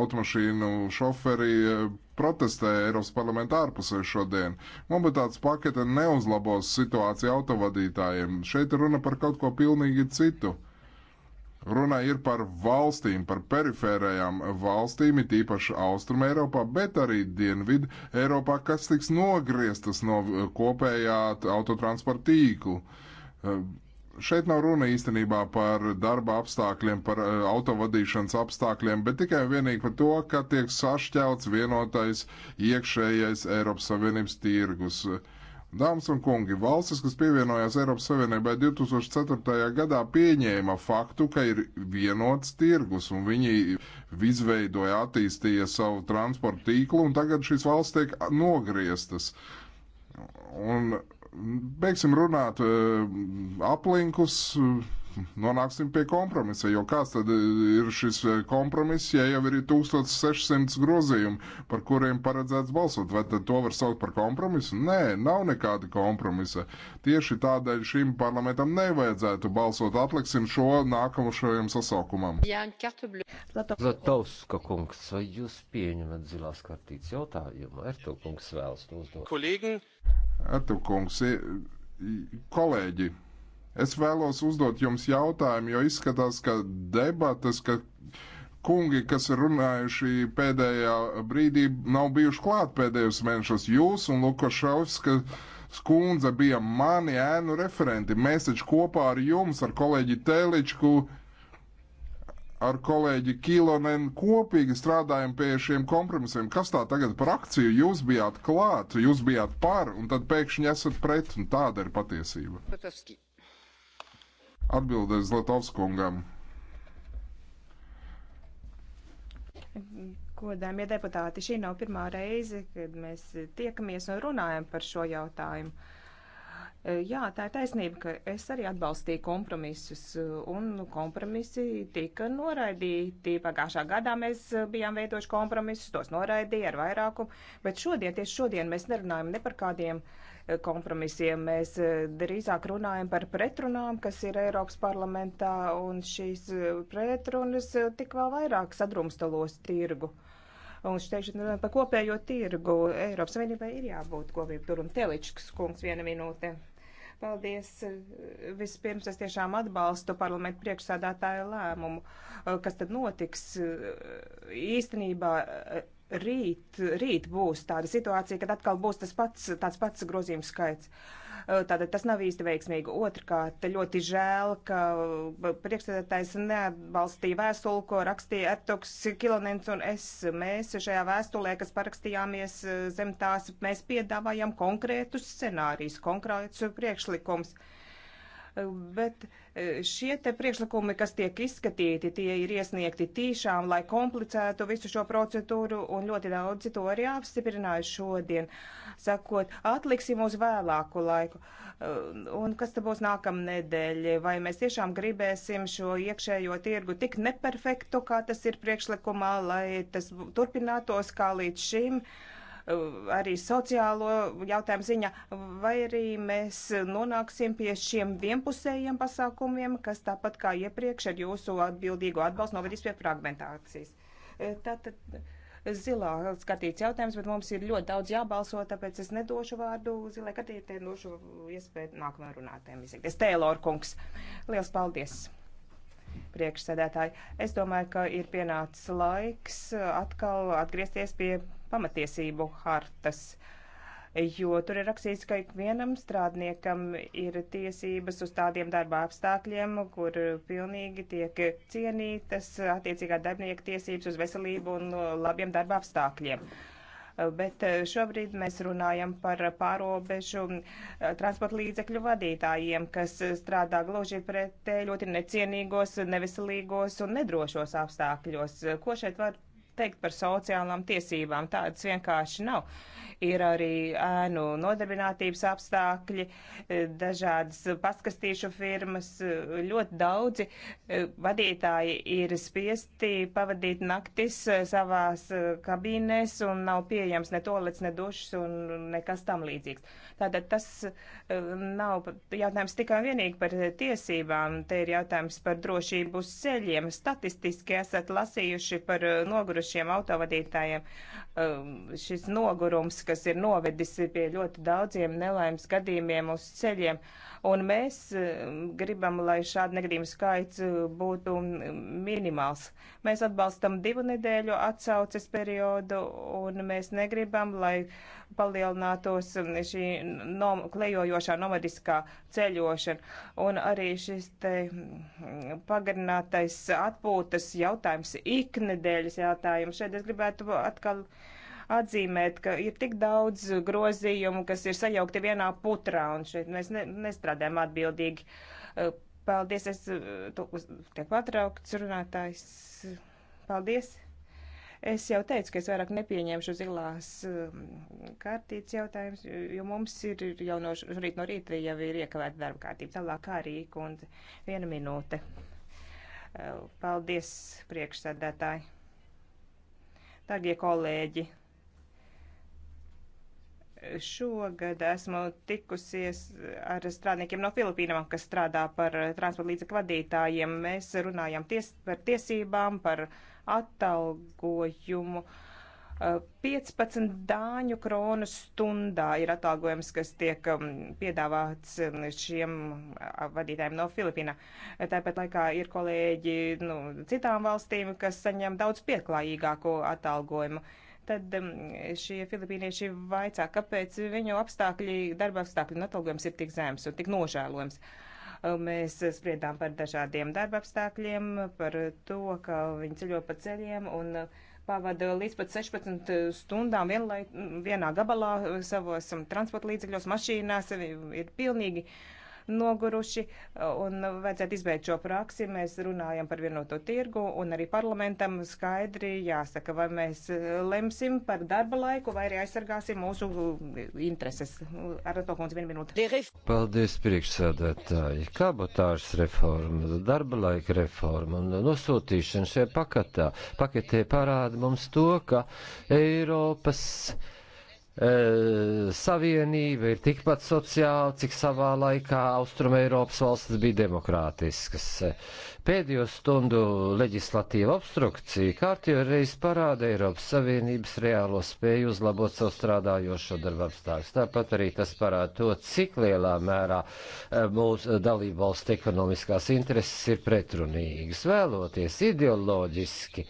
automašīnu šoferi e, protestē Eiropas parlamentā ārpusē šodien. Mobilitātes pakete neuzlabos situāciju autovadītājiem. Šeit runa par kaut ko pilnīgi citu. Runa ir par valstīm, par perifērējām valstīm, it īpaši Austrum Eiropā, bet arī Dienvidu Eiropā, kas tiks nogrieztas no e, kopējā autotransporta tīkla e, šeit nav runa īstenībā par darba apstākļiem, par eh, autovadīšanas apstākļiem, bet tikai un vienīgi par to, ka tiek sašķelts vienotais iekšējais Eiropas Savienības tirgus. Dāmas un kungi, valstis, kas pievienojās Eiropas Savienībai 2004. gadā, pieņēma faktu, ka ir vienots tirgus, un viņi izveidoja, attīstīja savu transporta tīklu, un tagad šīs valsts tiek nogrieztas. Un Beigsim runāt eh, aplinkus, nonāksim pie kompromisa. Jo kāds tad e, ir šis e, kompromiss, ja jau ir 1600 grozījumi, par kuriem paredzēts balsot? Vai tad to var saukt par kompromisu? Nē, nav nekāda kompromisa. Tieši tādēļ šim parlamentam nevajadzētu balsot. Atliksim šo nākamušajam sasaukumam. Latovska kungs, vai jūs pieņemat zilās kartītes jautājumu? Ertu kungs vēlas to uzdot. Kolēģi, e, kolēģi, Es vēlos uzdot jums jautājumu, jo izskatās, ka debatas, ka kungi, kas ir runājuši pēdējā brīdī, nav bijuši klāt pēdējos mēnešos. Jūs un Lukašovska skundze bija mani ēnu referenti. Mēs taču kopā ar jums, ar kolēģi Teličku, ar kolēģi Kilonen kopīgi strādājam pie šiem kompromisiem. Kas tā tagad par akciju? Jūs bijāt klāt, jūs bijāt par, un tad pēkšņi esat pret, un tāda ir patiesība. Patovski. Atbildēs Latovskungam. Godājumie ja deputāti, šī nav pirmā reize, kad mēs tiekamies un runājam par šo jautājumu. Jā, tā ir taisnība, ka es arī atbalstīju kompromisus, un kompromisi tika noraidīti. Pagājušā gadā mēs bijām veidojuši kompromisus, tos noraidīja ar vairākumu, bet šodien, tieši šodien mēs nerunājam ne par kādiem uh, kompromisiem. Mēs eh, drīzāk runājam par pretrunām, kas ir Eiropas parlamentā, un šīs eh, pretrunas eh, tik vēl vairāk sadrumstalos tirgu. Un šeit runājam par kopējo tirgu. Eiropas Savienībai ir jābūt kopību tur un Teličs kungs viena minūte. Paldies! Vispirms es tiešām atbalstu parlamentu priekšsādātāju lēmumu, kas tad notiks īstenībā rīt, rīt būs tāda situācija, kad atkal būs tas pats, tāds pats grozījums skaits. Tātad tas nav īsti veiksmīgi. Otrkārt, ļoti žēl, ka priekšsēdētājs neatbalstīja vēstuli, ko rakstīja Ertoks Kilonens un es. Mēs šajā vēstulē, kas parakstījāmies zem tās, mēs piedāvājam konkrētus scenārijus, konkrētus priekšlikumus bet e, šie te priekšlikumi, kas tiek izskatīti, tie ir iesniegti tīšām, lai komplicētu visu šo procedūru, un ļoti daudzi to arī apstiprināja šodien, sakot, atliksim uz vēlāku laiku. E, un kas te būs nākamnedēļ? Vai mēs tiešām gribēsim šo iekšējo tirgu tik neperfektu, kā tas ir priekšlikumā, lai tas turpinātos kā līdz šim? Uh, arī sociālo jautājumu ziņā, vai arī mēs nonāksim pie šiem vienpusējiem pasākumiem, kas tāpat kā iepriekš ar jūsu atbildīgo atbalstu novedīs pie fragmentācijas. E, tātad zilā skatīts jautājums, bet mums ir ļoti daudz jābalso, tāpēc es nedošu vārdu zilai skatītē, došu iespēju nākamajam runātājiem izteikties. Tēlor kungs, liels paldies! Priekšsēdētāji, es domāju, ka ir pienācis laiks atkal atgriezties pie pamatiesību hartas, jo tur ir rakstīts, ka ikvienam strādniekam ir tiesības uz tādiem darba apstākļiem, kur pilnīgi tiek cienītas attiecīgā darbinieka tiesības uz veselību un labiem darba apstākļiem bet šobrīd mēs runājam par pārobežu transporta līdzekļu vadītājiem, kas strādā gluži pretēji ļoti necienīgos, neveselīgos un nedrošos apstākļos. Ko šeit var teikt par sociālām tiesībām. Tādas vienkārši nav. Ir arī ēnu nodarbinātības apstākļi, e, dažādas paskastīšu firmas. E, ļoti daudzi e, vadītāji ir spiesti pavadīt naktis savās kabīnēs un nav pieejams ne tolets, ne dušas un nekas tam līdzīgs. Tātad tas nav jautājums tikai un vienīgi par tiesībām. Te ir jautājums par drošību uz ceļiem. Statistiski esat lasījuši par nogurušanu šiem autovadītājiem. Um, šis nogurums, kas ir novedis pie ļoti daudziem nelaimes gadījumiem uz ceļiem, un mēs um, gribam, lai šāda negadījuma skaits uh, būtu um, minimāls. Mēs atbalstam divu nedēļu atsauces periodu, un mēs negribam, lai palielinātos šī nom, klejojošā nomadiskā ceļošana. Un arī šis te mm, pagarinātais atpūtas jautājums, iknedēļas jautājums. Šeit es gribētu atkal atzīmēt, ka ir tik daudz grozījumu, kas ir sajaukti vienā putrā, un šeit mēs ne, nestrādājam atbildīgi. Eh, paldies, es eh, tiek patraukts runātājs. Paldies! Es jau teicu, ka es vairāk nepieņemšu zilās um, kartītes jautājumus, jo mums ir jau no rīt no rīta jau ir iekavēta darba kārtība. Tālāk kā rīka un viena minūte. Paldies, priekšsēdētāji. Dargie kolēģi, šogad esmu tikusies ar strādniekiem no Filipīnām, kas strādā par transporta līdzekļu vadītājiem. Mēs runājam ties, par tiesībām, par uh, atalgojumu. 15 eh, dāņu kronas stundā ir atalgojums, kas tiek piedāvāts šiem eh, vadītājiem no Filipīna. Eh, tāpat laikā ir kolēģi nu, citām valstīm, kas saņem daudz pieklājīgāku atalgojumu. Tad šie filipīnieši vaicā, kāpēc viņu apstākļi, darba apstākļi un atalgojums ir tik zems un tik nožēlojams. Uh, Mēs spriedām par dažādiem darba apstākļiem, par to, ka viņi ceļo pa ceļiem un pavada līdz pat 16 stundām vienlai, vienā gabalā savos transporta līdzekļos, mašīnās, ir pilnīgi uh, noguruši, un vajadzētu izbeigt šo praksi. Mēs runājam par vienoto tirgu, un arī parlamentam skaidri jāsaka, vai mēs lemsim par darba laiku, vai arī aizsargāsim mūsu intereses. Ar to kundzi vienu minūtu. Paldies, priekšsēdētāji. Kabotāžas reforma, darba laika reforma un nosūtīšana šajā pakatā, paketē parāda mums to, ka Eiropas E, savienība ir tikpat sociāla, cik savā laikā Austruma Eiropas valstis bija demokrātiskas. Pēdējo stundu leģislatīva obstrukcija kārtīgi reiz parāda Eiropas Savienības reālo spēju uzlabot savu strādājošo darbu apstākļus. Tāpat arī tas parāda to, cik lielā mērā e, mūsu dalību valsts ekonomiskās intereses ir pretrunīgas, vēloties ideoloģiski